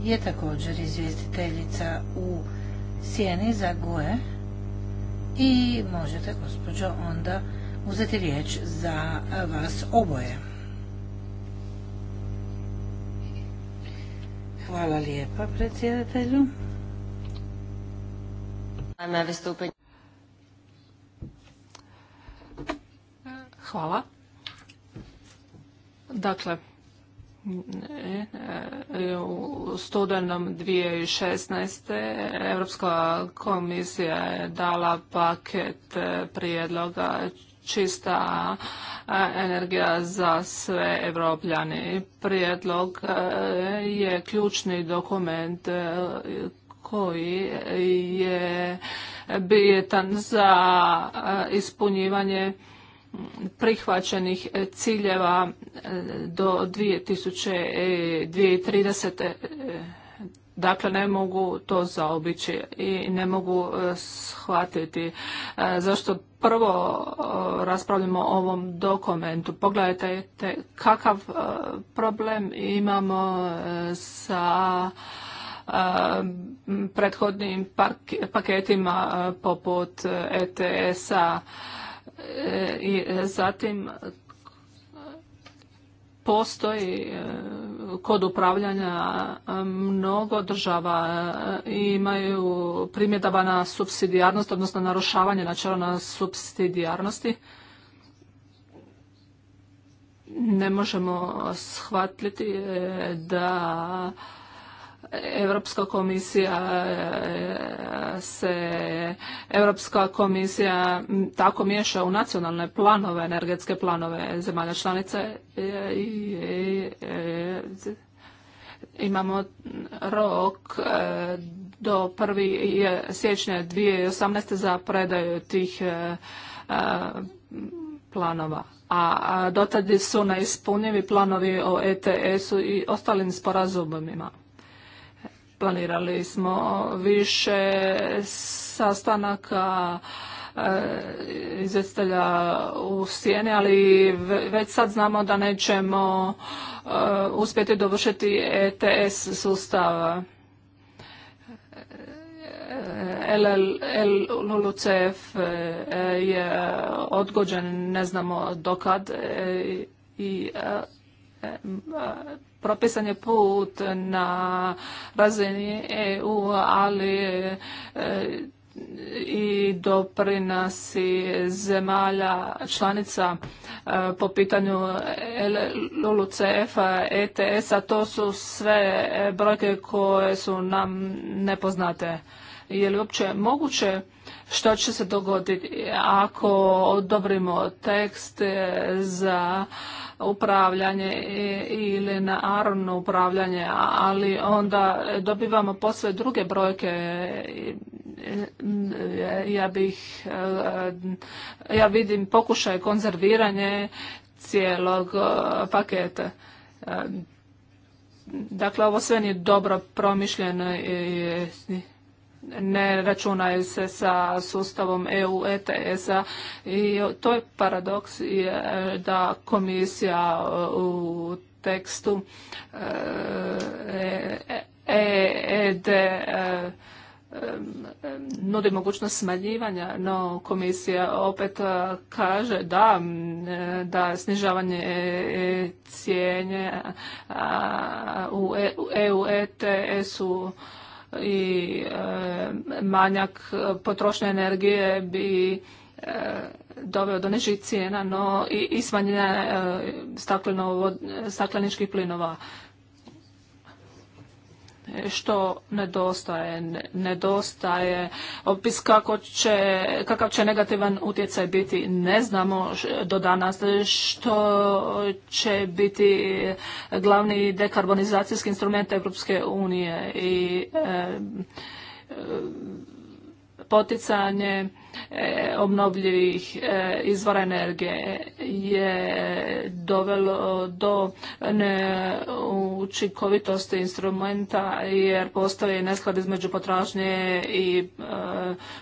je također izvjestiteljica u Sjeni za GUE i možete, gospođo, onda uzeti riječ za vas oboje. Hvala lijepa predsjedatelju. Hvala. Dakle, e, u studenom 2016. Europska komisija je dala paket e, prijedloga čista e, energija za sve evropljane. Prijedlog je ključni dokument koji je bijetan za e, ispunjivanje prihvaćenih ciljeva e, do 2030. E, dakle, ne mogu to zaobići i ne mogu shvatiti zašto prvo raspravljamo o ovom dokumentu. Pogledajte kakav problem imamo sa Um, prethodnim paketima uh, poput uh, ETS-a uh, i zatim postoji kod upravljanja mnogo država imaju primjedaba na subsidijarnost, odnosno narušavanje načela na subsidijarnosti. Ne možemo shvatiti da Europska komisija e, se Europska komisija tako miješa u nacionalne planove, energetske planove zemalja članice e, i e, imamo rok do 1. siječnja 2018. za predaju tih planova. A dotad su neispunjivi planovi o ETS-u i ostalim sporazumima. Planirali smo više sastanaka e, izvestelja u sjeni, ali već sad znamo da nećemo e, uspjeti dovršiti ETS sustava. E, LLCF je odgođen, ne znamo dokad i propisan je put na razini EU, ali e, i doprinasi zemalja članica e, po pitanju LULUCF-a, ETS-a, to su sve brojke koje su nam nepoznate. Je li uopće moguće što će se dogoditi ako odobrimo tekst e, za upravljanje e, ili na aronno upravljanje, ali onda dobivamo posve druge brojke. E, ja bih, ja vidim pokušaj konzerviranje cijelog paketa. Dakle, ovo sve nije dobro promišljeno i ne računaju se sa sustavom EU ETS-a i to je paradoks da komisija uh, u tekstu uh, E-ED e uh, um, um, nudi mogućnost smanjivanja, no komisija opet kaže da, um, da snižavanje cijenje u EU ETS-u i e, manjak potrošnje energije bi e, doveo do nižih cijena no i smanjenja e, stakleničkih plinova što nedostaje. Nedostaje opis kako će, kakav će negativan utjecaj biti. Ne znamo do danas što će biti glavni dekarbonizacijski instrument Europske unije i poticanje E, obnovljivih e, izvora energije je dovelo do neučinkovitosti instrumenta jer postoji nesklad između potražnje i e,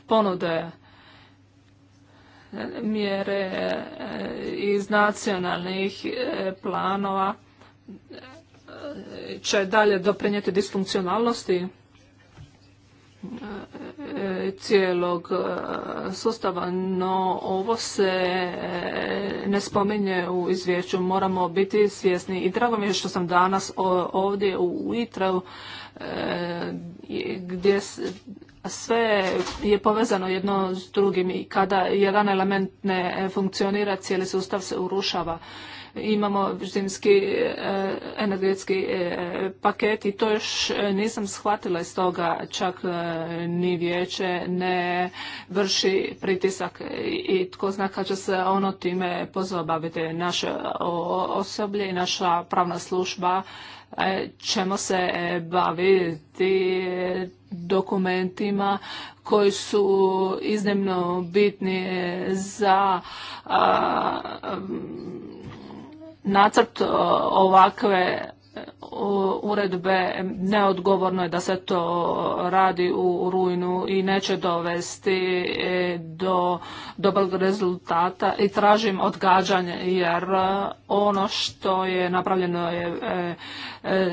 ponude mjere iz nacionalnih planova će dalje doprinijeti disfunkcionalnosti E, cijelog e, sustava, no ovo se e, ne spominje u izvješću. Moramo biti svjesni i drago mi je što sam danas ovdje u gdje sve je povezano jedno s drugim i kada jedan element ne funkcionira, cijeli sustav se urušava imamo zimski e, energetski e, paket i to još nisam shvatila iz toga čak e, ni vijeće ne vrši pritisak i tko zna kad će se ono time pozabaviti naše osoblje i naša pravna služba ćemo se baviti dokumentima koji su iznimno bitni za nacrt e, ovakve e, uredbe neodgovorno je da se to radi u rujnu i neće dovesti e, do dobrog rezultata i tražim odgađanje jer ono što je napravljeno je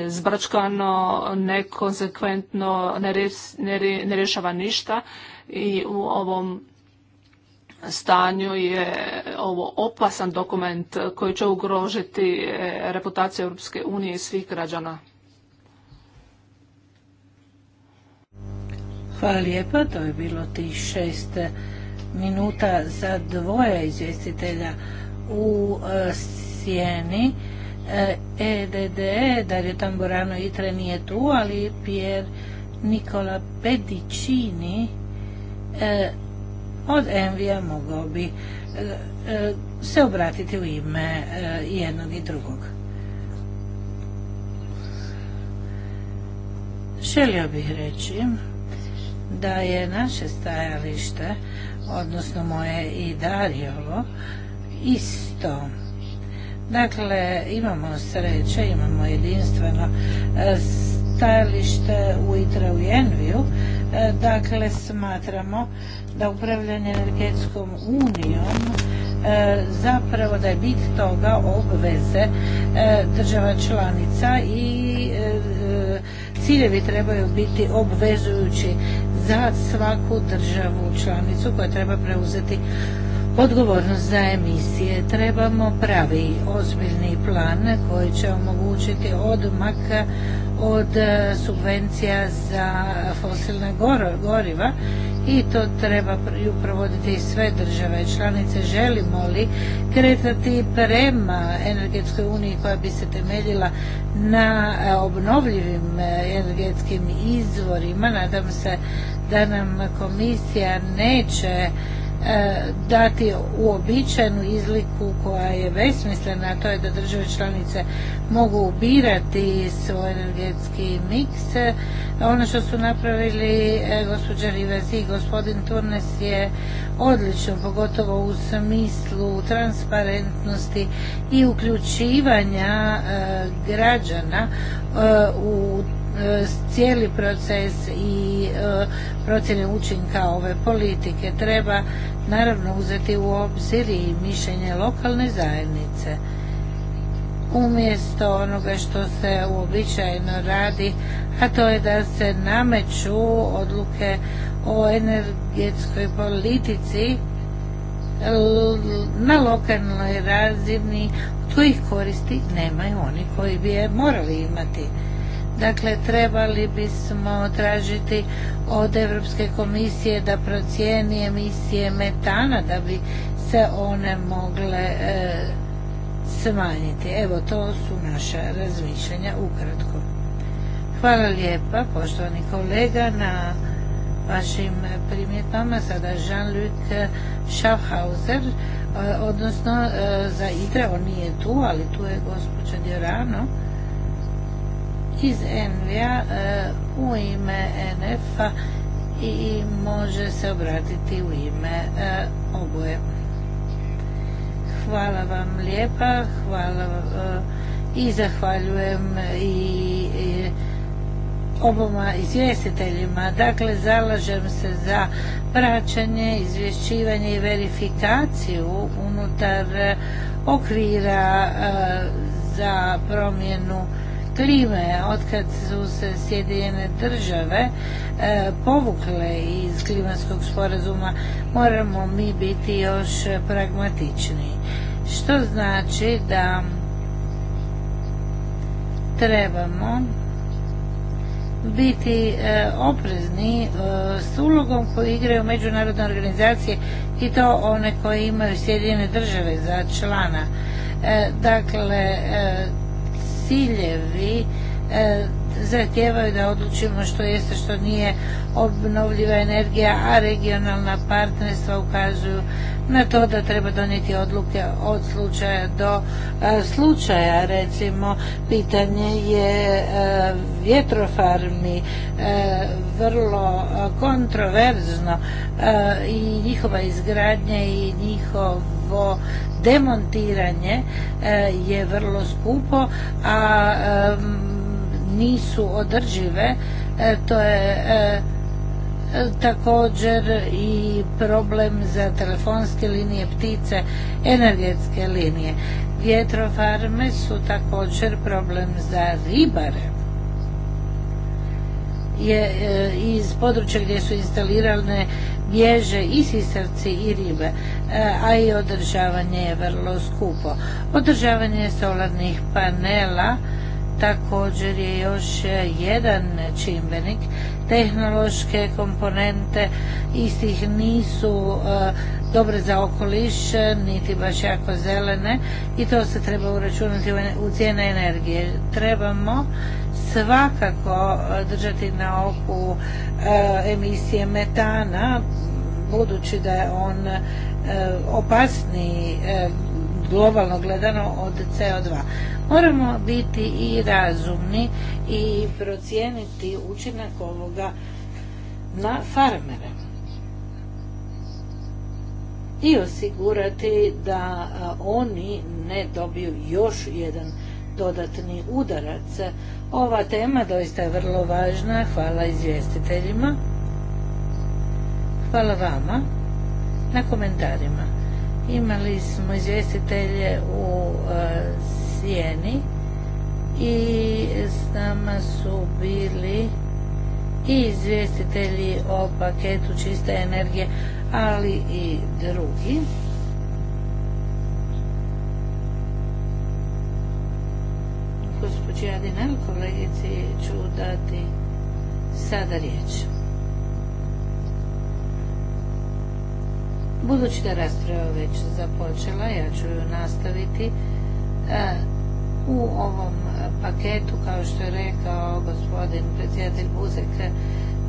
zbrčkano, nekonsekventno, ne rješava ništa i u ovom stanju je ovo opasan dokument koji će ugrožiti e, reputaciju Europske unije i svih građana. Hvala lijepa, to je bilo tih šest minuta za dvoje izvjestitelja u e, sjeni. EDD, e Dario Tamborano Itre nije tu, ali Pier Nikola Pedicini od Envija mogao bi e, e, se obratiti u ime e, jednog i drugog. Želio bih reći da je naše stajalište, odnosno moje i Darijovo, isto. Dakle, imamo sreće, imamo jedinstveno stajalište u u Enviju, E, dakle, smatramo da upravljanje energetskom unijom e, zapravo da je bit toga obveze e, država članica i ciljevi trebaju biti obvezujući za svaku državu članicu koja treba preuzeti odgovornost za emisije. Trebamo pravi ozbiljni plan koji će omogućiti odmak od e, subvencija za fosilna goriva i to treba provoditi sve države članice. Želimo li kretati prema energetskoj uniji koja bi se temeljila na e, obnovljivim e, energetskim izvorima. Nadam se da nam komisija neće E, dati uobičajenu izliku koja je besmislena, a to je da države članice mogu ubirati svoj energetski miks. Ono što su napravili e, gospođa Rivasi i gospodin Turnes je odlično, pogotovo u smislu transparentnosti i uključivanja e, građana u E, cijeli proces i e, procjene učinka ove politike treba naravno uzeti u obzir i mišljenje lokalne zajednice umjesto onoga što se uobičajeno radi, a to je da se nameću odluke o energetskoj politici na lokalnoj razini tu ih koristi nemaju oni koji bi je morali imati. Dakle, trebali bismo tražiti od Europske komisije da procijeni emisije metana da bi se one mogle e, smanjiti. Evo, to su naša razmišljanja ukratko. Hvala lijepa, poštovani kolega, na vašim primjetama. Sada Jean-Luc Schaffhauser, e, odnosno e, za idra, on nije tu, ali tu je gospođa Djorano iz NV-a e, u ime NF-a i može se obratiti u ime e, oboje. Hvala vam lijepa, e, i zahvaljujem i oboma izvjestiteljima. Dakle, zalažem se za praćenje, izvješćivanje i verifikaciju unutar okvira za promjenu klime otkad su se Sjedinjene države e, povukle iz klimatskog sporazuma moramo mi biti još pragmatični što znači da trebamo biti e, oprezni e, s ulogom koju igraju međunarodne organizacije i to one koje imaju Sjedinjene države za člana. dakle, ciljevi e, zahtijevaju da odlučimo što jeste što nije obnovljiva energija, a regionalna partnerstva ukazuju na to da treba donijeti odluke od slučaja do e, slučaja. Recimo, pitanje je e, vjetrofarmi vrlo kontroverzno i njihova izgradnja i njihov njihovo demontiranje e, je vrlo skupo, a nisu održive. E, to je e, također i problem za telefonske linije ptice, energetske linije. Vjetrofarme su također problem za ribare. Je, iz područja gdje su instalirane bježe i sisarci i ribe. E, a i održavanje je vrlo skupo. Održavanje solarnih panela također je još jedan čimbenik. Tehnološke komponente istih nisu e, dobre za okoliš, niti baš jako zelene i to se treba uračunati u cijene energije. Trebamo svakako držati na oku e, emisije metana, budući da je on E, opasniji e, globalno gledano od CO2. Moramo biti i razumni i procijeniti učinak ovoga na farmere i osigurati da e, oni ne dobiju još jedan dodatni udarac. Ova tema doista je vrlo važna. Hvala izvjestiteljima. Hvala vama na komentarima. Imali smo izvjestitelje u e, Sjeni i s nama su bili i izvjestitelji o paketu čiste energije, ali i drugi. Gospođi Adinel, kolegici ću dati sada riječ. Budući da rasprava već započela, ja ću ju nastaviti. E, u ovom paketu, kao što je rekao gospodin predsjedatelj Buzek,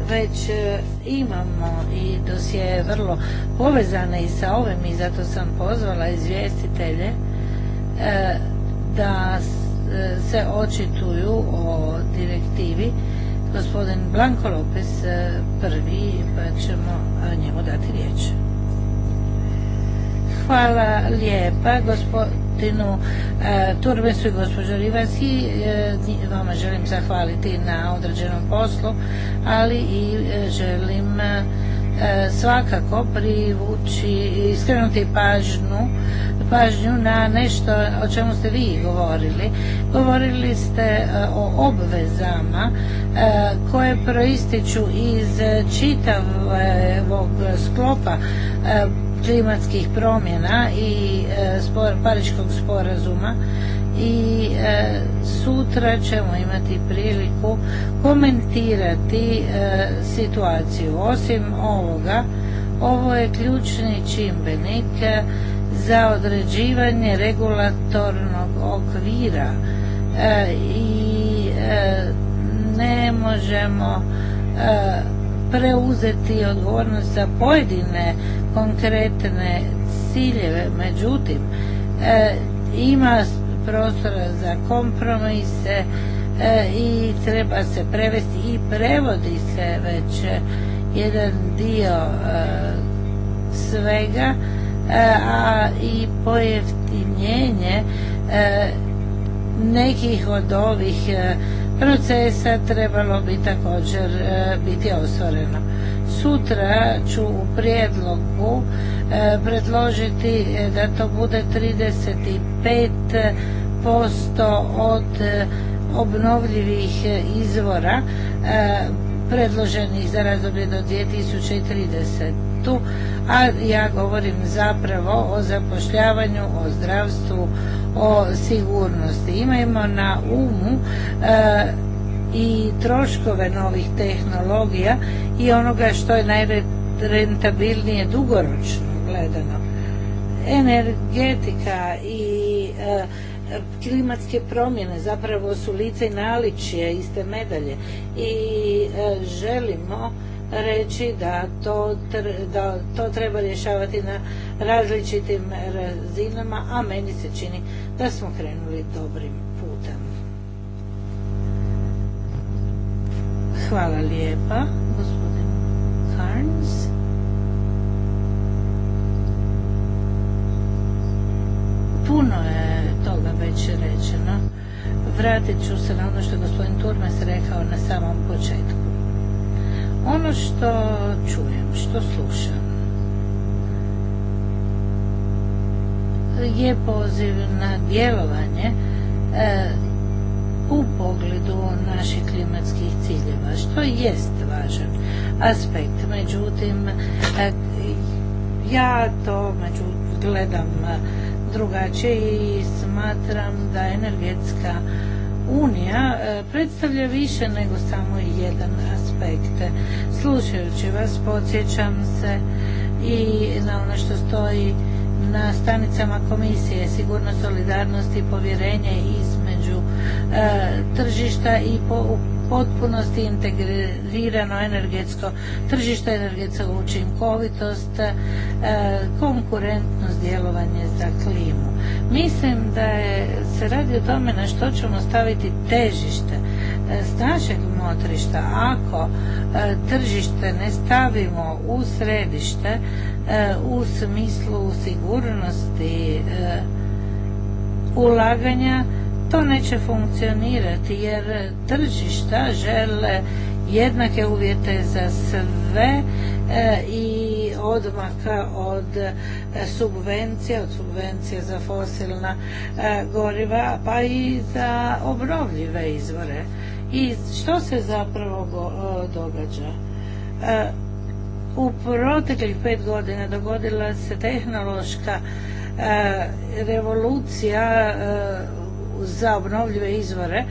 već e, imamo i dosije vrlo povezane i sa ovim i zato sam pozvala izvjestitelje e, da se očituju o direktivi gospodin Blanko Lopez prvi pa ćemo njemu dati riječ. Hvala lijepa gospodinu e, Turbesu i gospođo Rivas e, vama želim zahvaliti na određenom poslu, ali i e, želim svakako privući i skrenuti pažnju, pažnju na nešto o čemu ste vi govorili. Govorili ste o obvezama koje proističu iz čitavog sklopa klimatskih promjena i e, Pariškog sporazuma i e, sutra ćemo imati priliku komentirati e, situaciju. Osim ovoga, ovo je ključni čimbenik za određivanje regulatornog okvira i ne možemo preuzeti odgovornost za pojedine konkretne ciljeve, međutim e, ima prostora za kompromise e, i treba se prevesti i prevodi se već jedan dio e, svega a i pojeftinjenje nekih od ovih procesa trebalo bi također biti osvoreno. Sutra ću u prijedlogu e, predložiti e, da to bude 35% od e, obnovljivih izvora predloženih za razdoblje do 2030. A ja govorim zapravo o zapošljavanju, o zdravstvu, o sigurnosti. Imajmo na umu i troškove novih tehnologija i onoga što je najrentabilnije dugoročno gledano. Energetika i e, klimatske promjene zapravo su lice i naličje iste medalje i e, želimo reći da to, da to treba rješavati na različitim razinama, a meni se čini da smo krenuli dobrim Hvala lijepa, gospodin Puno je toga već rečeno. Vratit ću se na ono što je gospodin Turmes rekao na samom početku. Ono što čujem, što slušam, je poziv na djelovanje e, u pogledu naših klimatskih ciljeva, što jest važan aspekt. Međutim, e, ja to gledam drugačije i smatram da energetska unija e, predstavlja više nego samo jedan aspekt. Slušajući vas podsjećam se i na ono što stoji na stanicama komisije sigurnost, solidarnost i povjerenje i E, tržišta i u potpunosti integrirano energetsko tržište, energetska učinkovitost, e, konkurentnost, djelovanje za klimu. Mislim da je, se radi o tome na što ćemo staviti težište s e, našeg motrišta. Ako tržište ne stavimo u središte u smislu sigurnosti ulaganja, to neće funkcionirati jer tržišta žele jednake uvjete za sve e, i odmaka od e, subvencija, od subvencije za fosilna e, goriva, pa i za obrovljive izvore. I što se zapravo događa? u proteklih pet godina dogodila se tehnološka revolucija za obnovljive izvore,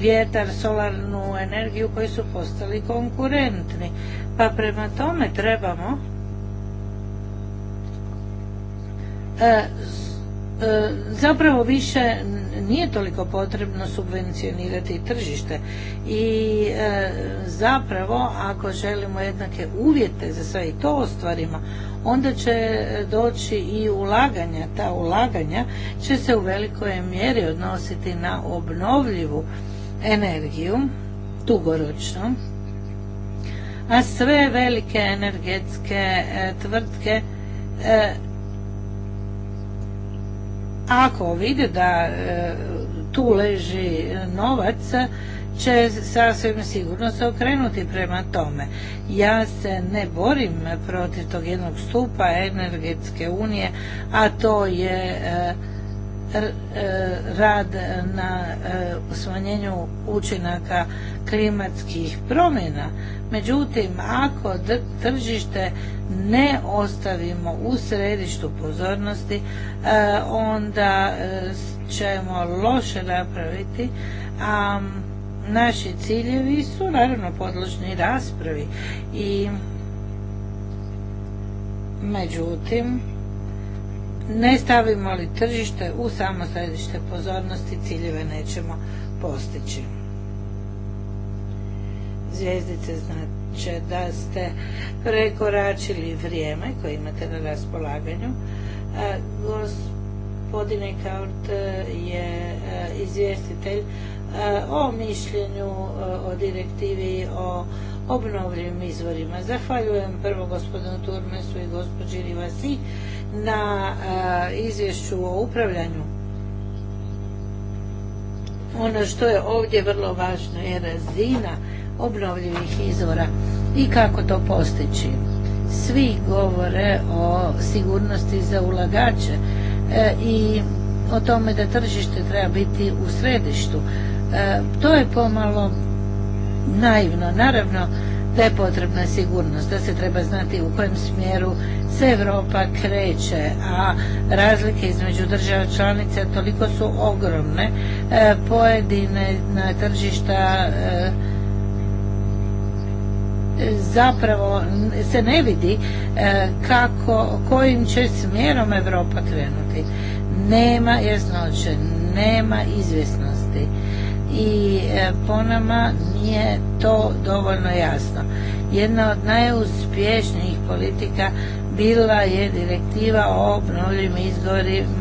vjetar, solarnu energiju koji su postali konkurentni. Pa prema tome trebamo e, e, zapravo više nije toliko potrebno subvencionirati tržište i e, zapravo ako želimo jednake uvjete za sve i to ostvarimo onda će doći i ulaganja ta ulaganja će se u velikoj mjeri odnositi na obnovljivu energiju dugoročno a sve velike energetske e, tvrtke e, ako vide da e, tu leži novac će sasvim sigurno se okrenuti prema tome. Ja se ne borim protiv tog jednog stupa energetske unije, a to je e, E, rad na e, smanjenju učinaka klimatskih promjena. Međutim, ako tržište ne ostavimo u središtu pozornosti, e, onda ćemo loše napraviti, a naši ciljevi su naravno podložni raspravi i međutim ne stavimo li tržište u samo središte pozornosti, ciljeve nećemo postići. Zvijezdice znači da ste prekoračili vrijeme koje imate na raspolaganju. E, gospodine Kaut je e, izvjestitelj e, o mišljenju o direktivi o obnovljivim izvorima. Zahvaljujem prvo gospodinu Turmesu i gospođi Rivasi na e, izvješću o upravljanju. Ono što je ovdje vrlo važno je razina obnovljivih izvora i kako to postići. Svi govore o sigurnosti za ulagače e, i o tome da tržište treba biti u središtu. E, to je pomalo naivno. Naravno da je potrebna sigurnost, da se treba znati u kojem smjeru se Europa kreće, a razlike između država članica toliko su ogromne. E, pojedine na tržišta e, zapravo se ne vidi e, kako, kojim će smjerom Europa krenuti. Nema jasnoće, nema izvjesnosti i e, po nama nije to dovoljno jasno. Jedna od najuspješnijih politika bila je direktiva o obnovljivim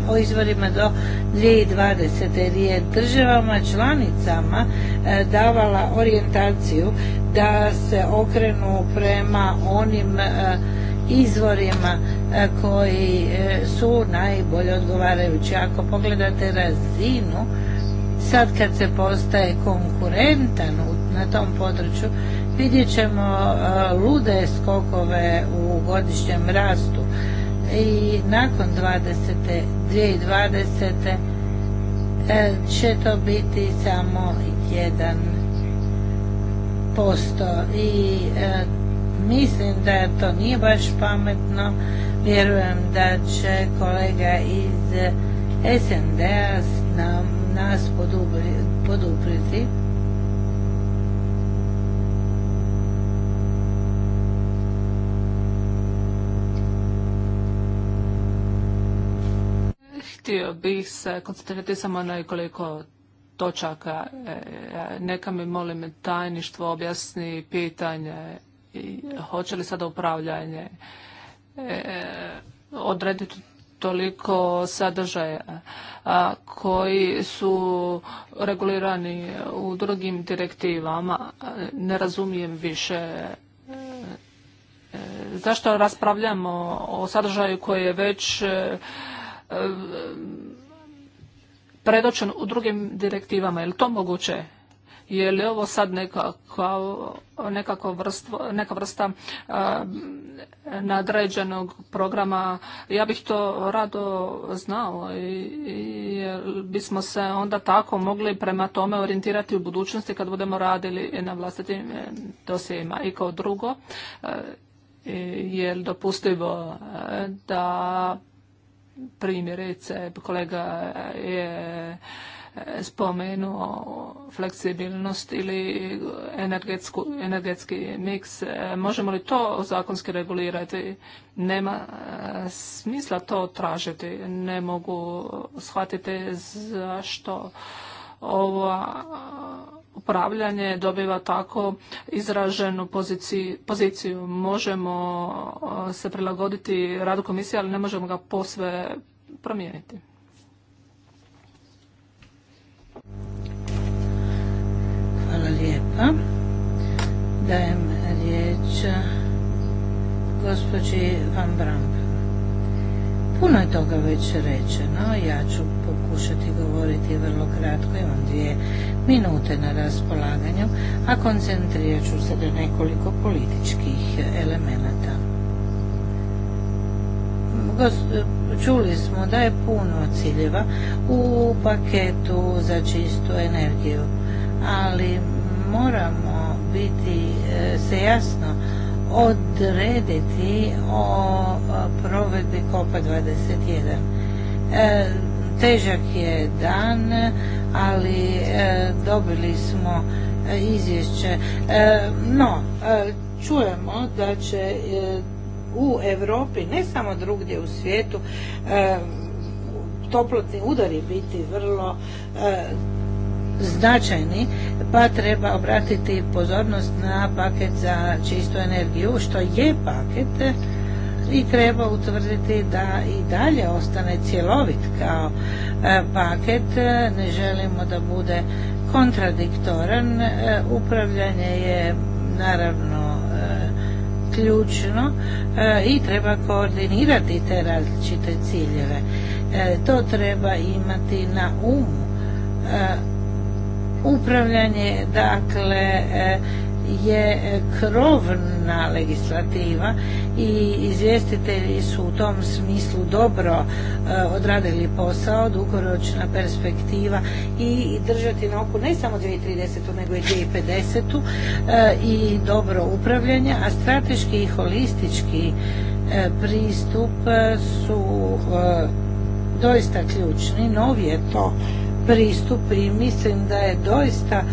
o izvorima do 2020. jer je državama članicama e, davala orijentaciju da se okrenu prema onim e, izvorima koji su najbolje odgovarajući. Ako pogledate razinu sad kad se postaje konkurentan na tom području vidjet ćemo e, lude skokove u godišnjem rastu i nakon 20. 2020. E, će to biti samo posto i e, mislim da to nije baš pametno vjerujem da će kolega iz SND-a nam nas poduprijeti htio bih se koncentrirati samo na nekoliko točaka. E, e, neka mi molim tajništvo objasni pitanje hoće li sada upravljanje e, odrediti toliko sadržaja koji su regulirani u drugim direktivama. Ne razumijem više e, zašto raspravljamo o sadržaju koji je već e, predočen u drugim direktivama. Je li to moguće? Je li ovo sad neka, neka vrsta nadređenog programa. Ja bih to rado znao i bismo se onda tako mogli prema tome orijentirati u budućnosti kad budemo radili na vlastitim e, dosijima. I kao drugo, e, je li dopustivo e, da primjerice kolega je spomenuo fleksibilnost ili energetski miks. E, možemo li to zakonski regulirati? Nema e, smisla to tražiti. Ne mogu shvatiti zašto ovo upravljanje dobiva tako izraženu poziciju. Možemo e, se prilagoditi radu komisije, ali ne možemo ga posve promijeniti. Hvala lijepa. Dajem riječ eh, gospođi Van Bramp. Puno je toga već rečeno, ja ću pokušati govoriti vrlo kratko, imam dvije minute na raspolaganju, a koncentrirat ću se na nekoliko političkih elemenata. Čuli smo da je puno ciljeva u paketu za čistu energiju, ali moramo biti e, se jasno odrediti o e, provedbi kopa 21 e, težak je dan ali dobili smo izvješće no čujemo da će u Europi ne samo drugdje u svijetu toplotni udari biti vrlo značajni, pa treba obratiti pozornost na paket za čistu energiju, što je paket i treba utvrditi da i dalje ostane cjelovit kao e, paket. Ne želimo da bude kontradiktoran. E, upravljanje je naravno e, ključno i treba koordinirati te različite ciljeve. To treba imati na umu upravljanje dakle e, je krovna legislativa i izvjestitelji su u tom smislu dobro e, odradili posao, dugoročna perspektiva i držati na oku ne samo 2030. nego i 2050. E, i dobro upravljanje, a strateški i holistički pristup su doista ključni. Novi je to pristup i mislim da je doista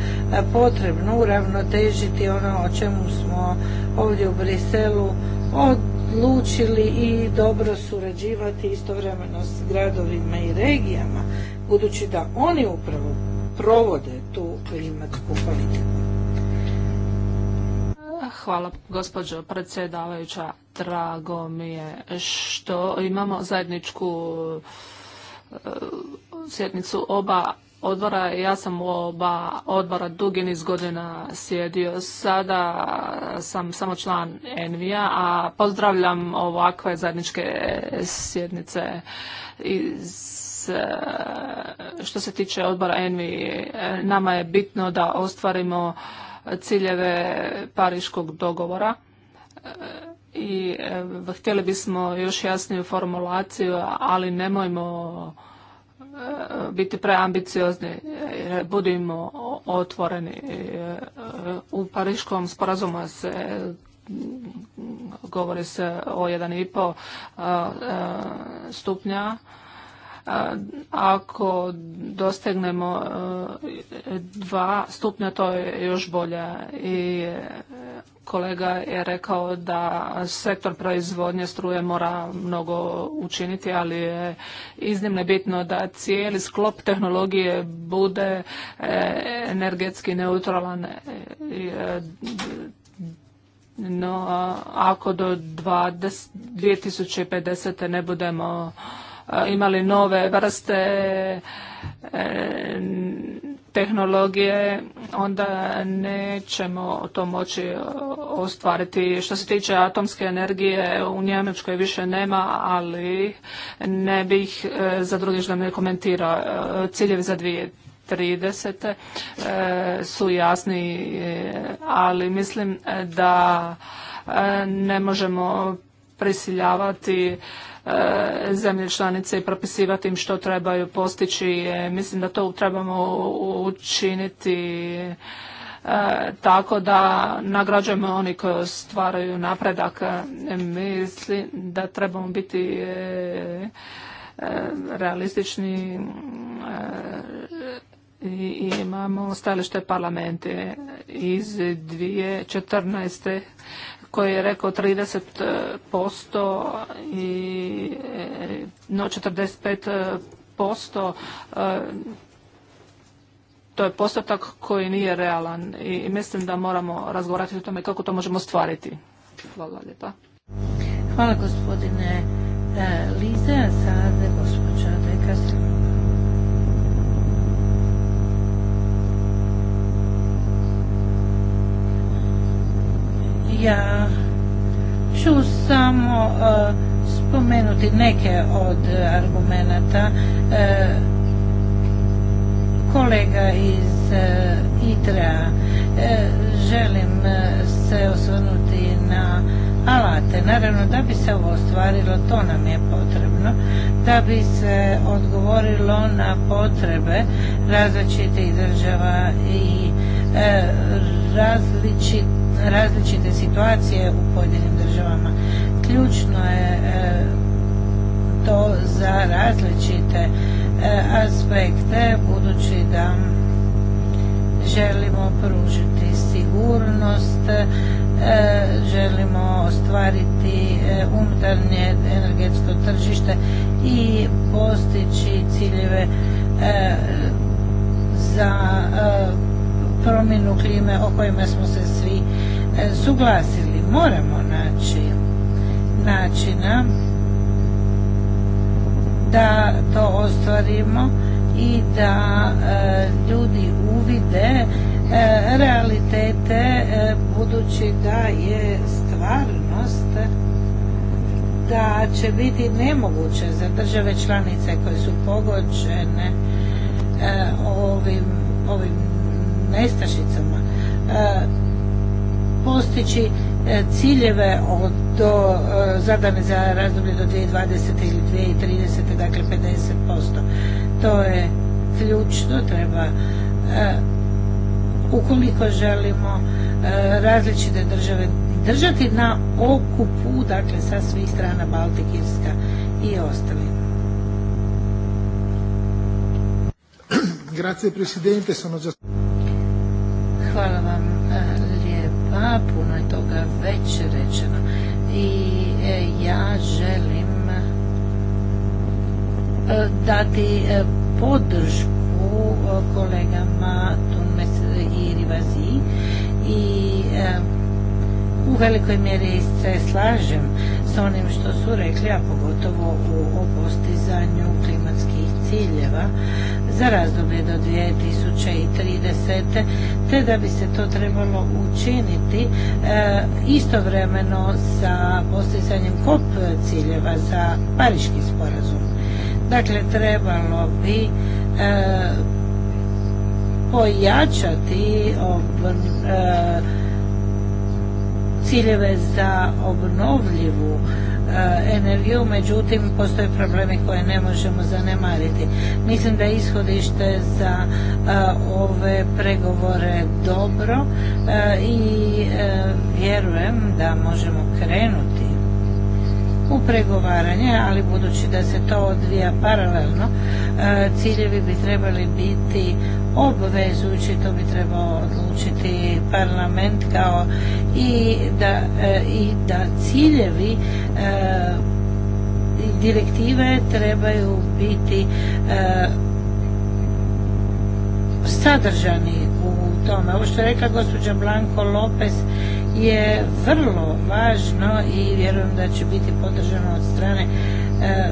potrebno uravnotežiti ono o čemu smo ovdje u Briselu odlučili i dobro surađivati istovremeno s gradovima i regijama, budući da oni upravo provode tu klimatsku politiku. Hvala gospođo predsjedavajuća. Drago mi je što imamo zajedničku sjednicu oba odbora. Ja sam u oba odbora dugi niz godina sjedio. Sada sam samo član Envija, a pozdravljam ovakve zajedničke sjednice iz eh, što se tiče odbora Envi, eh, nama je bitno da ostvarimo ciljeve Pariškog dogovora eh, i htjeli bismo još jasniju formulaciju, ali nemojmo biti preambiciozni, e, budimo otvoreni. E, u Pariškom sporazumu se govori se o 1,5 e, stupnja. Ako dostegnemo dva stupnja, to je još bolje i Kolega je rekao da sektor proizvodnje struje mora mnogo učiniti, ali je iznimno bitno da cijeli sklop tehnologije bude e, energetski neutralan e, no, ako do 20, 2050. ne budemo e, imali nove vrste tehnologije, onda nećemo to moći ostvariti. Što se tiče atomske energije, u Njemačkoj više nema, ali ne bih e, za drugi što ne e, Ciljevi za dvije 30. E, su jasni, ali mislim da ne možemo prisiljavati E, zemlje članice i propisivati im što trebaju postići. E, mislim da to trebamo učiniti e, tako da nagrađujemo oni koji stvaraju napredak. Mislim da trebamo biti realistični i imamo stajalište parlamente iz 2014 koji je rekao 30% i e, no 45% e, to je postotak koji nije realan i mislim da moramo razgovarati o tome kako to možemo stvariti. Hvala lijepa. Hvala gospodine e, Lize, a sada gospođa Dekastra. Ja ću samo e, spomenuti neke od argumenata e, kolega iz e, ITRA želim se osvrnuti na alate. Naravno da bi se ovo ostvarilo, to nam je potrebno, da bi se odgovorilo na potrebe različitih država i različitih različite situacije u pojedinim državama. Ključno je e, to za različite e, aspekte budući da želimo pružiti sigurnost, e, želimo ostvariti unutarnje energetsko tržište i postići ciljeve za promjenu klime o kojima smo se svi e, suglasili. Moramo naći načina da to ostvarimo i da e, ljudi uvide e, realitete budući da je stvarnost da će biti nemoguće za države članice koje su pogođene ovim nestašicama e, postići e, ciljeve do, e, zadane za razdoblje do 2020. ili 2030. dakle 50%. To je ključno, treba ukoliko želimo različite države držati na okupu, dakle sa svih strana Baltik, i ostali. Grazie Presidente, sono Hvala vam e, lijepa, puno je toga već rečeno i e, ja želim e, dati podršku kolegama Tunes i Rivazi i u velikoj mjeri se slažem s onim što su rekli, a pogotovo u, o postizanju ciljeva za razdoblje do 2030. te da bi se to trebalo učiniti e, istovremeno sa postizanjem KOP ciljeva za Pariški sporazum. Dakle, trebalo bi e, pojačati e, ciljeve za obnovljivu eh, energiju, međutim postoje problemi koje ne možemo zanemariti. Mislim da je ishodište za eh, ove pregovore dobro eh, i vjerujem da možemo krenuti u pregovaranje, ali budući da se to odvija paralelno, e, ciljevi bi trebali biti obvezujući, to bi trebao odlučiti parlament kao i da, e, i da ciljevi e, direktive trebaju biti sadržani u tome. Ovo što je rekla gospođa Blanko Lopez je vrlo važno i vjerujem da će biti podržano od strane e,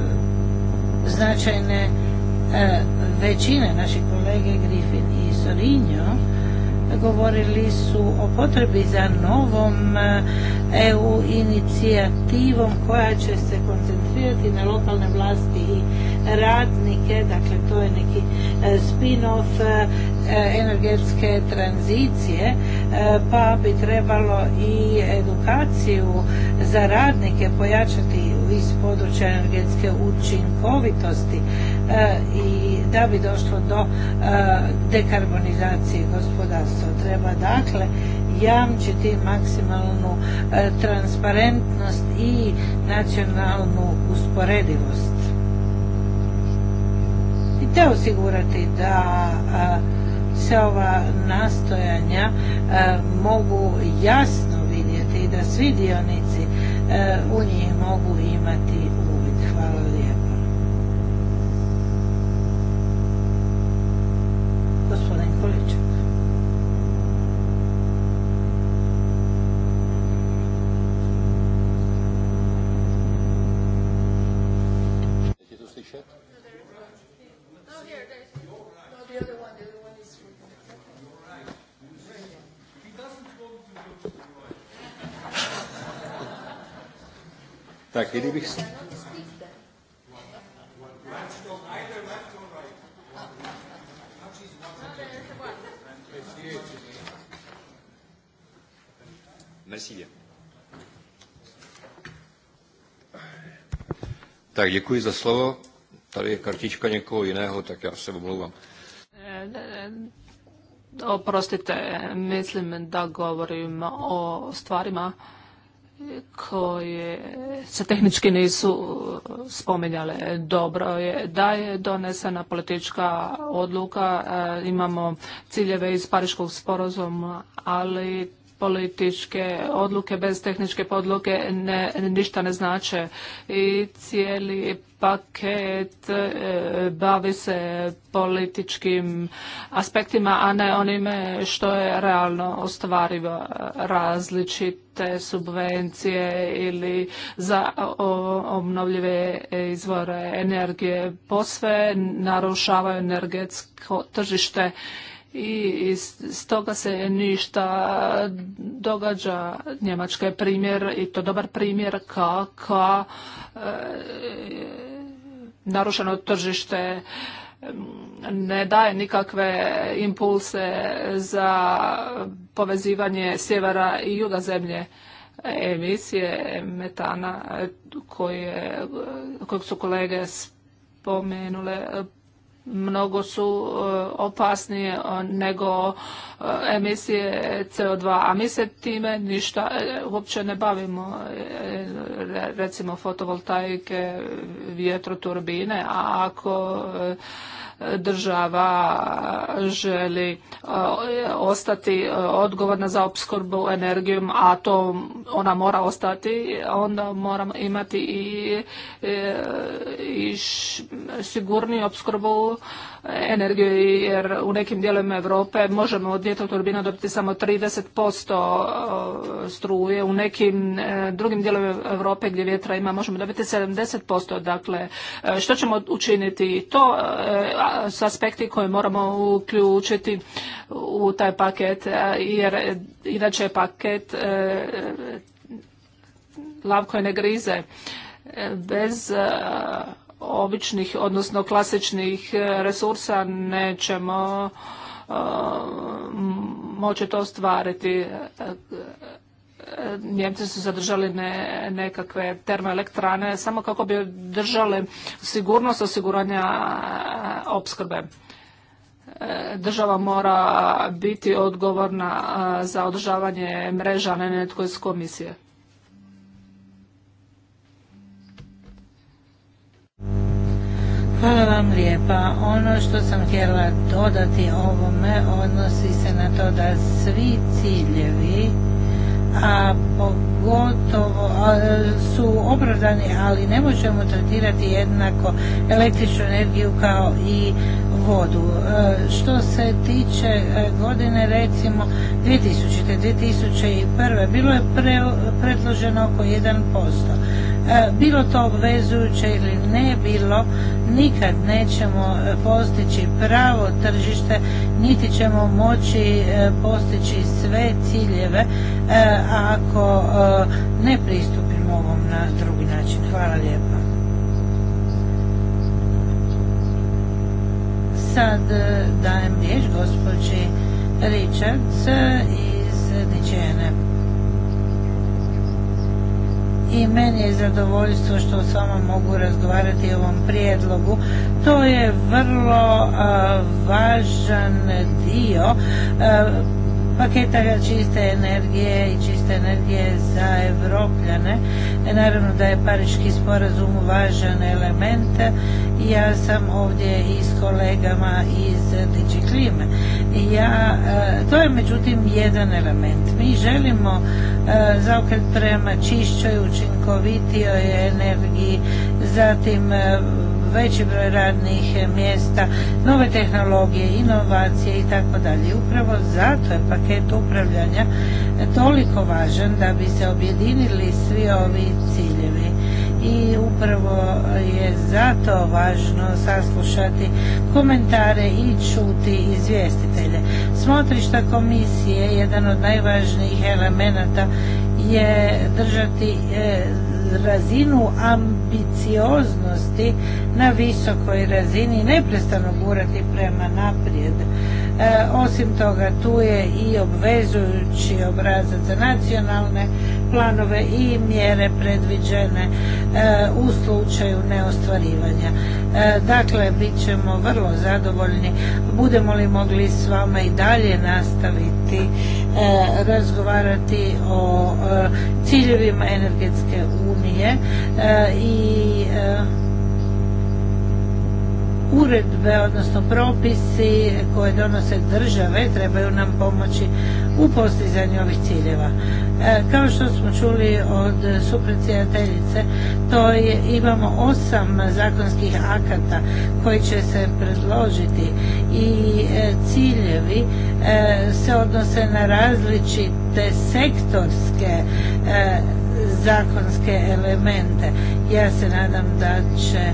značajne e, većine naših kolege Griffin i Sorinjo govorili su o potrebi za novom eh, EU inicijativom koja će se koncentrirati na lokalne vlasti i radnike, dakle to je neki eh, spin-off eh, energetske tranzicije, pa bi trebalo i edukaciju za radnike pojačati iz područja energetske učinkovitosti E, i da bi došlo do e, dekarbonizacije gospodarstva. Treba dakle jamčiti maksimalnu e, transparentnost i nacionalnu usporedivost. I te osigurati da se ova nastojanja mogu jasno vidjeti i da svi dionici u njih mogu imati Sakeli bih se. Merci. Tak děkuji za slovo. Tady je kartička někoho jiného, tak já se omlouvám. E, e, e, oprostite, mislim da govorim o stvarima koje se tehnički nisu uh, spominjale. Dobro je da je donesena politička odluka, uh, imamo ciljeve iz Pariškog sporazuma, ali političke odluke bez tehničke podloge ne, ništa ne znače. I cijeli paket e, bavi se političkim aspektima, a ne onime što je realno ostvarivo različite subvencije ili za obnovljive izvore energije. Posve narušavaju energetsko tržište i stoga se ništa događa. Njemačka je primjer i to dobar primjer kako e, narušeno tržište ne daje nikakve impulse za povezivanje sjevera i juga zemlje emisije metana e, koje, kojeg su kolege spomenule mnogo su e, opasnije e, nego e, emisije CO2, a mi se time ništa uopće ne bavimo. Recimo fotovoltaike, vjetroturbine, a ako država želi e, ostati e, odgovorna za opskrbu energijom, a to ona mora ostati, onda moramo imati i, e, i sigurniju opskrbu energiju jer u nekim dijelovima Europe možemo od vjetroturbina dobiti samo 30% e, struje, u nekim e, drugim dijelovima Europe gdje vjetra ima možemo dobiti 70%. Dakle, e, što ćemo učiniti? To su aspekti koje moramo uključiti u taj paket jer inače paket lav koje ne grize bez običnih, odnosno klasičnih e, resursa nećemo e, moći to ostvariti. E, Njemci su zadržali nekakve termoelektrane samo kako bi držali sigurnost osiguranja opskrbe. Država mora biti odgovorna za održavanje mreža, ne netko iz komisije. Hvala vam lijepa. Ono što sam htjela dodati ovome odnosi se na to da svi ciljevi a pogotovo su opravdani, ali ne možemo tretirati jednako električnu energiju kao i vodu. E, što se tiče e, godine recimo 2000. 2001. bilo je predloženo oko 1%. E, bilo to obvezujuće ili ne bilo, nikad nećemo postići pravo tržište, niti ćemo moći postići sve ciljeve ako ne pristupimo ovom na drugi način. Hvala lijepa. sad e, dajem riječ gospođi Richards e, iz ničene I meni je zadovoljstvo što s vama mogu razgovarati o ovom prijedlogu. To je vrlo e, važan dio paketa čiste energije i čiste energije za Evropljane. E, naravno da je Pariški sporazum važan element ja sam ovdje i s kolegama iz Digi Klime. Ja, e, to je međutim jedan element. Mi želimo e, zaokret prema čišćoj, učinkovitijoj energiji, zatim veći broj radnih eh, mjesta, nove tehnologije, inovacije i tako dalje. Upravo zato je paket upravljanja eh, toliko važan da bi se objedinili svi ovi ciljevi i upravo eh, je zato važno saslušati komentare i čuti izvjestitelje. Smotrišta komisije, jedan od najvažnijih elemenata je držati razinu am ambicioznosti na visokoj razini neprestano gurati prema naprijed E, osim toga tu je i obvezujući obrazac za nacionalne planove i mjere predviđene e, u slučaju neostvarivanja. E, dakle, bit ćemo vrlo zadovoljni. Budemo li mogli s vama i dalje nastaviti razgovarati o ciljevima energetske unije i uredbe, odnosno propisi koje donose države trebaju nam pomoći u postizanju ovih ciljeva. E, kao što smo čuli od supredsjedateljice, to je, imamo osam zakonskih akata koji će se predložiti i e, ciljevi e, se odnose na različite sektorske zakonske elemente. Ja se nadam da će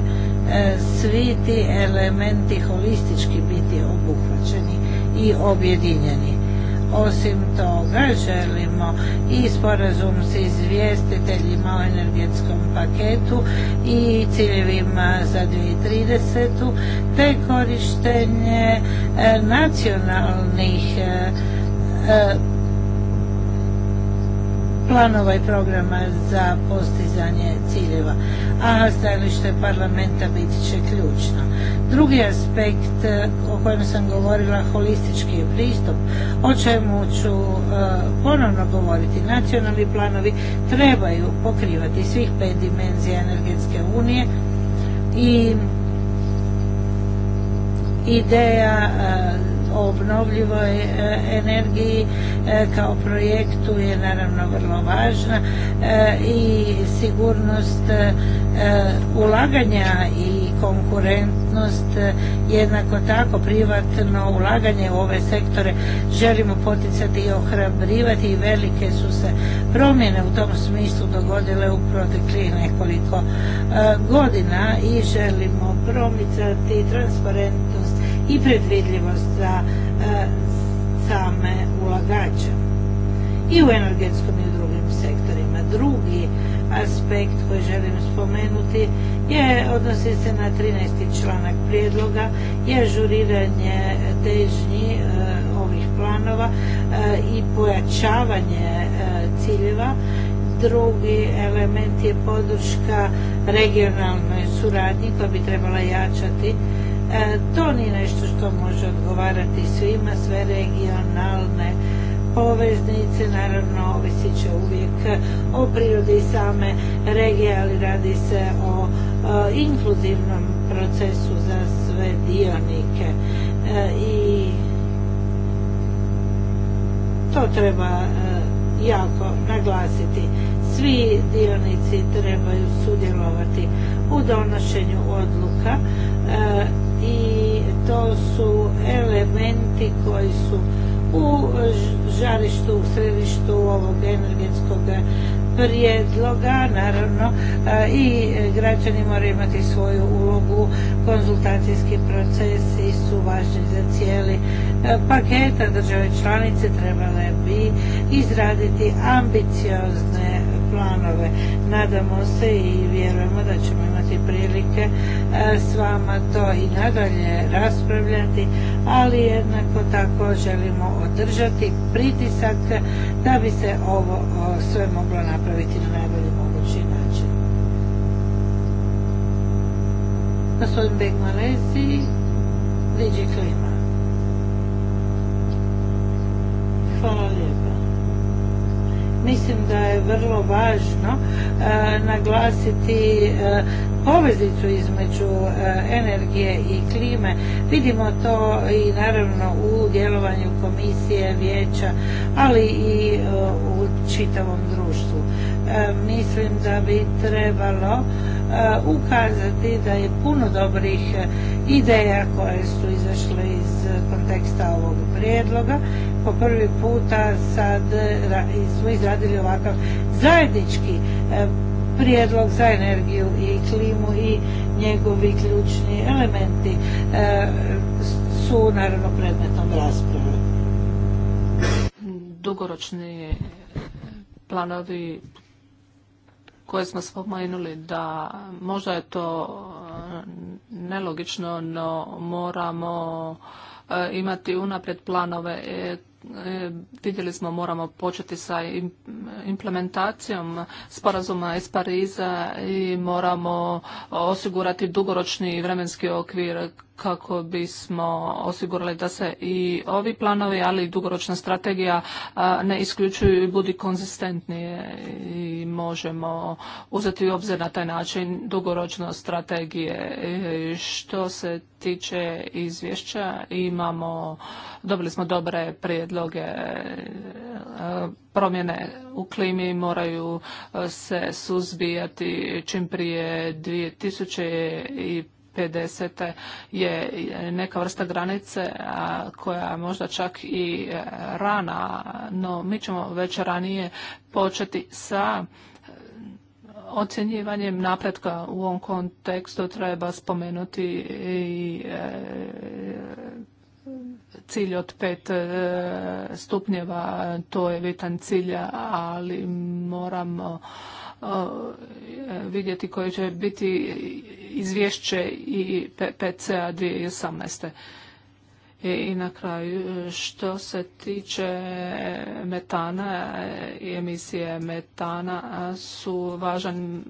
E, svi ti elementi holistički biti obuhvaćeni i objedinjeni. Osim toga želimo i sporazum s izvjestiteljima o energetskom paketu i ciljevima za 2030. te korištenje e, nacionalnih e, planova i programa za postizanje ciljeva, a stajalište parlamenta bit će ključno. Drugi aspekt eh, o kojem sam govorila, holistički je pristup, o čemu ću eh, ponovno govoriti. Nacionalni planovi trebaju pokrivati svih pet dimenzija energetske unije i ideja eh, o obnovljivoj e, energiji e, kao projektu je naravno vrlo važna e, i sigurnost ulaganja i konkurentnost jednako tako privatno ulaganje u ove sektore želimo poticati i ohrabrivati i velike su se promjene u tom smislu dogodile u proteklih nekoliko godina i želimo promicati transparentnost i predvidljivost za e, same ulagače i u energetskom i u drugim sektorima. Drugi aspekt koji želim spomenuti je, odnosi se na 13. članak prijedloga, je žuriranje težnji e, ovih planova e, i pojačavanje ciljeva. Drugi element je podrška regionalnoj suradnji koja bi trebala jačati E, to nije nešto što može odgovarati svima, sve regionalne poveznice, naravno ovisit će uvijek o prirodi same regije, ali radi se o e, inkluzivnom procesu za sve dionike e, i to treba jako naglasiti. Svi dionici trebaju sudjelovati u donošenju odluka i to su elementi koji su u žarištu, u središtu ovog energetskog prijedloga, naravno, e, i građani moraju imati svoju ulogu, konzultacijski procesi su važni za cijeli e, paketa a države članice trebale bi izraditi ambiciozne planove. Nadamo se i vjerujemo da ćemo imati imati prilike e, s vama to i nadalje raspravljati, ali jednako tako želimo održati pritisak da bi se ovo sve moglo napraviti na najbolji mogući način. Gospodin Begmalesi, Liđi Klima. Hvala lijepo mislim da je vrlo važno e, naglasiti e, poveznicu između e, energije i klime. Vidimo to i naravno u djelovanju komisije, vijeća, ali i e, u čitavom društvu. Mislim da bi trebalo ukazati da je puno dobrih ideja koje su izašle iz konteksta ovog prijedloga po prvi puta sad smo izradili ovakav zajednički e, prijedlog za energiju i klimu i njegovi ključni elementi e, su naravno predmetom rasprave. Dugoročni planovi koje smo spomenuli da možda je to e, nelogično, no moramo imati unaprijed planove E, vidjeli smo moramo početi sa implementacijom sporazuma iz Pariza i moramo osigurati dugoročni vremenski okvir kako bismo osigurali da se i ovi planovi, ali i dugoročna strategija ne isključuju i budi konzistentnije i možemo uzeti u obzir na taj način dugoročno strategije. E, što se tiče izvješća imamo, dobili smo dobre prijedloge e, promjene u klimi moraju e, se suzbijati čim prije 2050. je neka vrsta granice koja je možda čak i e, rana, no mi ćemo već ranije početi sa Ocjenjivanjem napretka u ovom kontekstu treba spomenuti i e, cilj od pet e, stupnjeva, to je vitan cilj, ali moramo e, vidjeti koje će biti izvješće i PCA 2018. I na kraju, e, što se tiče metana i emisije metana su važan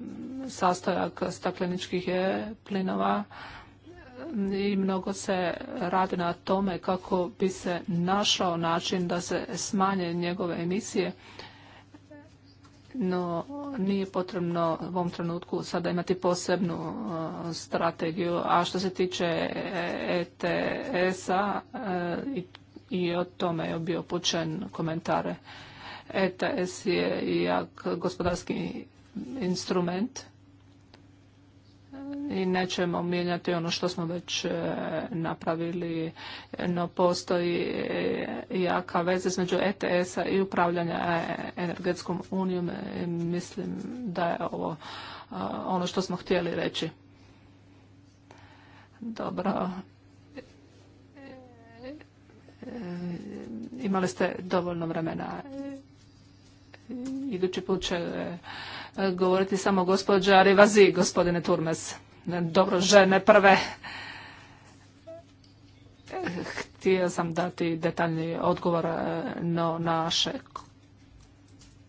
sastojak stakleničkih e, plinova e, i mnogo se radi na tome kako bi se našao način da se smanje njegove emisije no nije potrebno u ovom trenutku sada imati posebnu uh, strategiju. A što se tiče ETS-a e e, i o tome je bio počen komentare. ETS je jak gospodarski instrument i nećemo mijenjati ono što smo već e, napravili, no postoji e, jaka veza između ETS-a i upravljanja e, energetskom unijom. Mislim da je ovo ono što smo htjeli reći. Dobro. Imali ste dovoljno vremena. Idući put će govoriti samo gospođa Rivazi, gospodine Turmes dobro žene prve. Htio sam dati detaljni odgovor, e, no naše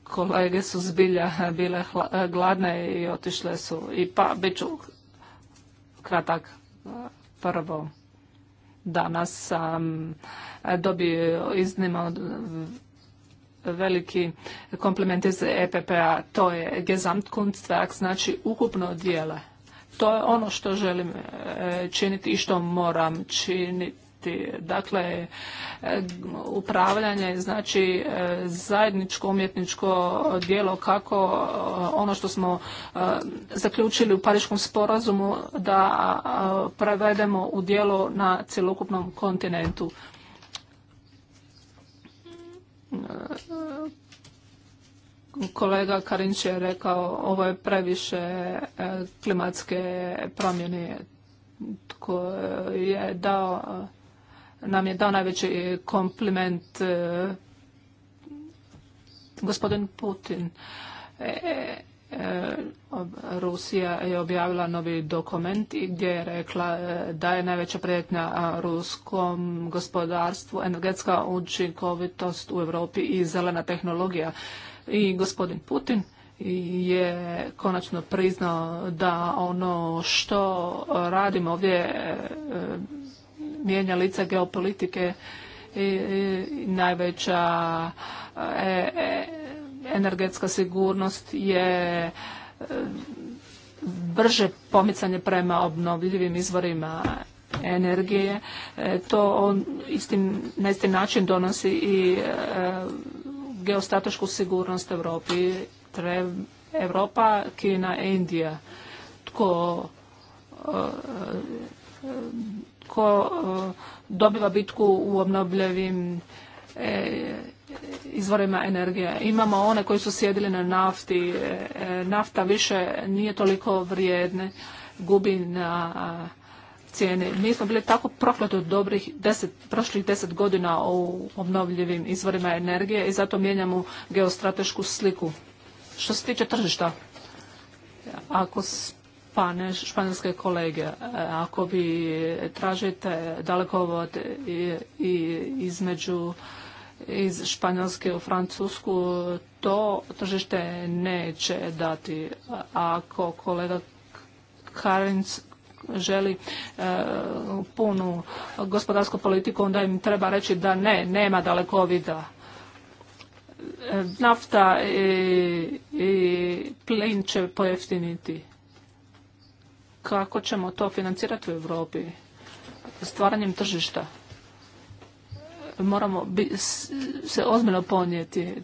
kolege su zbilja bile e, gladne i otišle su. I pa, bit ću kratak prvo. Danas sam e, dobio iznimno veliki kompliment iz EPP-a, to je Gesamtkunstwerk, znači ukupno dijele. To je ono što želim e, činiti i što moram činiti. Dakle, e, upravljanje znači e, zajedničko umjetničko djelo kako ono što smo zaključili u Pariškom sporazumu da prevedemo u djelo na cjelokupnom kontinentu kolega Karinč je rekao ovo je previše e, klimatske promjene koje je dao nam je dao najveći kompliment e, gospodin Putin. E, Rusija je objavila novi dokument gdje je rekla da je najveća prijetnja ruskom gospodarstvu energetska učinkovitost u Europi i zelena tehnologija i gospodin Putin je konačno priznao da ono što radimo ovdje e, mijenja lica geopolitike i najveća e, e, energetska sigurnost je brže pomicanje prema obnovljivim izvorima energije. To on istim, na isti način donosi i geostratešku sigurnost Europi. Europa, Kina, Indija. Tko eh, ko eh, dobiva bitku u obnovljivim eh, izvorima energije. Imamo one koji su sjedili na nafti. Nafta više nije toliko vrijedne. Gubi na cijene. Mi smo bili tako prokleti od dobrih deset, prošlih deset godina u obnovljivim izvorima energije i zato mijenjamo geostratešku sliku. Što se tiče tržišta, ako spane španjolske kolege, ako vi tražite dalekovod i, i između iz Španjolske u Francusku, to tržište neće dati. Ako kolega Karinc želi e, punu gospodarsku politiku, onda im treba reći da ne, nema daleko e, Nafta i, plin će pojeftiniti. Kako ćemo to financirati u Europi? Stvaranjem tržišta moramo se ozbiljno ponijeti.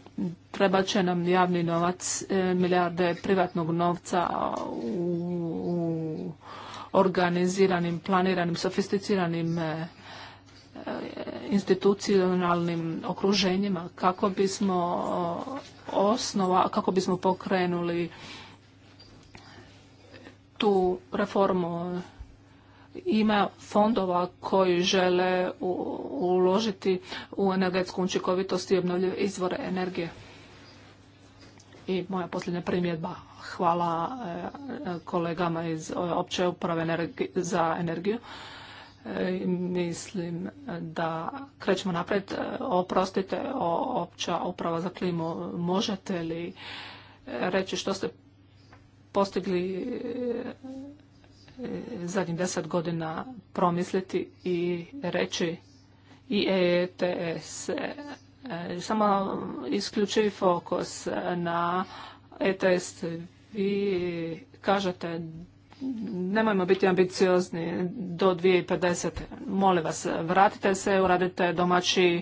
Treba će nam javni novac, e, milijarde privatnog novca u organiziranim, planiranim, sofisticiranim e, e, institucionalnim okruženjima kako bismo osnova, kako bismo pokrenuli tu reformu ima fondova koji žele uložiti u energetsku učinkovitost i obnovljive izvore energije. I moja posljednja primjedba Hvala e, kolegama iz opće uprave za energiju. E, mislim da krećemo naprijed. E, oprostite, opća uprava za klimu. Možete li reći što ste postigli zadnjih deset godina promisliti i reći i ETS. Samo isključivi fokus na ETS vi kažete nemojmo biti ambiciozni do 2050. Molim vas, vratite se, uradite domaći e,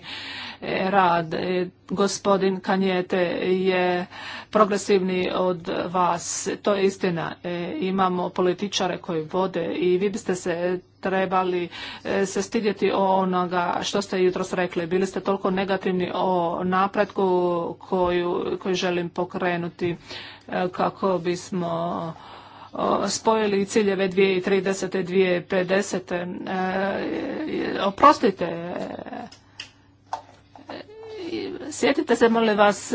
rad. E, gospodin Kanjete je progresivni od vas. To je istina. E, imamo političare koji vode i vi biste se trebali e, se stidjeti onoga što ste jutros rekli. Bili ste toliko negativni o napretku koju, želim pokrenuti e, kako bismo spojili ciljeve 2030. i 2050. E, oprostite, sjetite se, molim vas,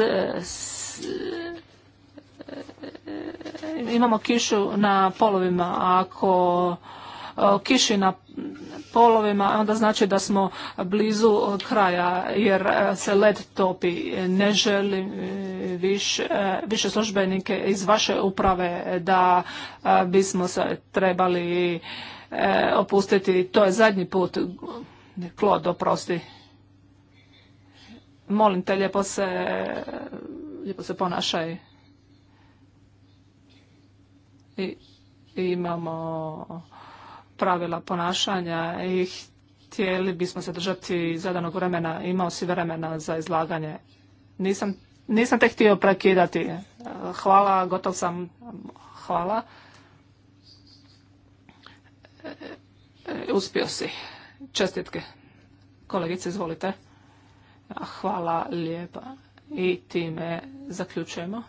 imamo kišu na polovima, ako E, kiši na polovima, onda znači da smo blizu kraja jer e, se led topi. Ne želim e, više, više službenike iz vaše uprave da bismo se trebali opustiti. To je zadnji put. Klod, oprosti. Molim te, lijepo se, lijepo se ponašaj. I, imamo pravila ponašanja i htjeli bismo se držati zadanog vremena. Imao si vremena za izlaganje. Nisam, nisam te htio prekidati. E, hvala, gotov sam. Hvala. E, e, uspio si. Čestitke. Kolegice, izvolite. Hvala lijepa. I time zaključujemo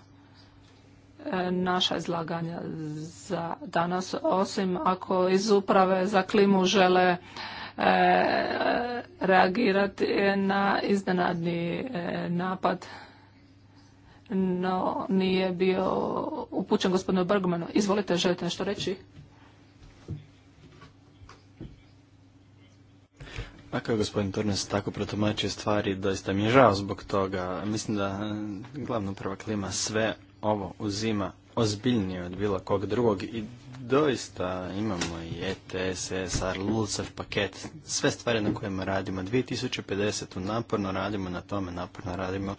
naša izlaganja za danas, osim ako iz uprave za klimu žele e, reagirati na iznenadni e, napad no nije bio upućen gospodinu Bergmanu. Izvolite, želite nešto reći? Ako pa je gospodin Turnes tako protumačio stvari, doista mi je žao zbog toga. Mislim da e, glavna uprava klima sve ovo uzima ozbiljnije od bilo kog drugog i doista imamo i ETS, ESR, paket, sve stvari na kojima radimo. 2050. naporno radimo na tome, naporno radimo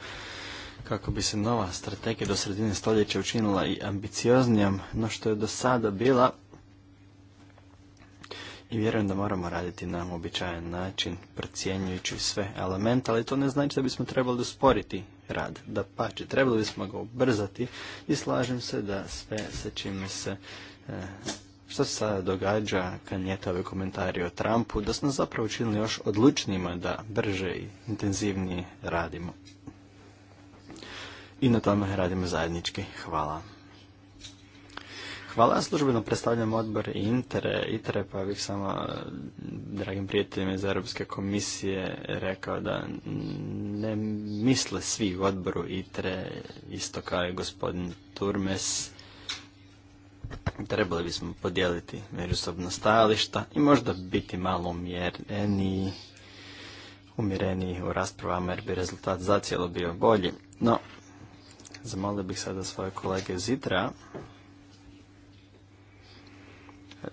kako bi se nova strategija do sredine stoljeća učinila i ambicioznijom no što je do sada bila i vjerujem da moramo raditi na običajan način, procjenjujući sve elemente, ali to ne znači da bismo trebali usporiti rad. Da pače, trebali bismo ga ubrzati i slažem se da sve se čime se eh, što se sada događa kad njete ove komentari o Trumpu, da smo zapravo učinili još odlučnijima da brže i intenzivnije radimo. I na tome radimo zajednički. Hvala. Hvala, službeno predstavljam odbor Intere, Itre, pa bih samo e, dragim prijateljima iz Europske komisije rekao da ne misle svi u odboru Itre, isto kao i gospodin Turmes. Trebali bismo podijeliti međusobno stajališta i možda biti malo umjereniji, umjereniji u raspravama jer bi rezultat zacijelo bio bolji. No, zamolio bih sada svoje kolege iz Itra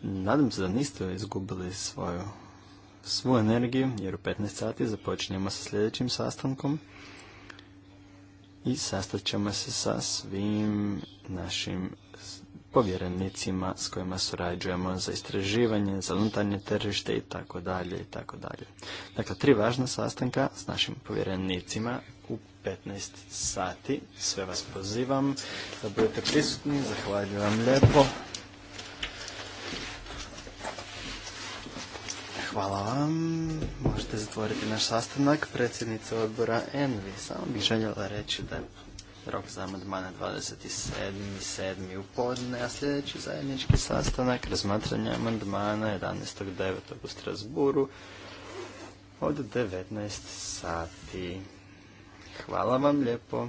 Nadam se da niste izgubili svoju, svu energiju, jer u 15 sati započinjemo sa sljedećim sastankom i sastat ćemo se sa svim našim povjerenicima s kojima surađujemo za istraživanje, za unutarnje tržište i tako dalje i tako dalje. Dakle, tri važna sastanka s našim povjerenicima u 15 sati. Sve vas pozivam da budete prisutni. Zahvaljujem vam lijepo. Hvala vam. Možete zatvoriti naš sastanak. Predsjednica odbora Envi. Samo bih željela reći da je rok za amandmane 27.7. u podne, a sljedeći zajednički sastanak razmatranja amandmana 11.9. u Strasburu od 19 sati. Hvala vam lijepo.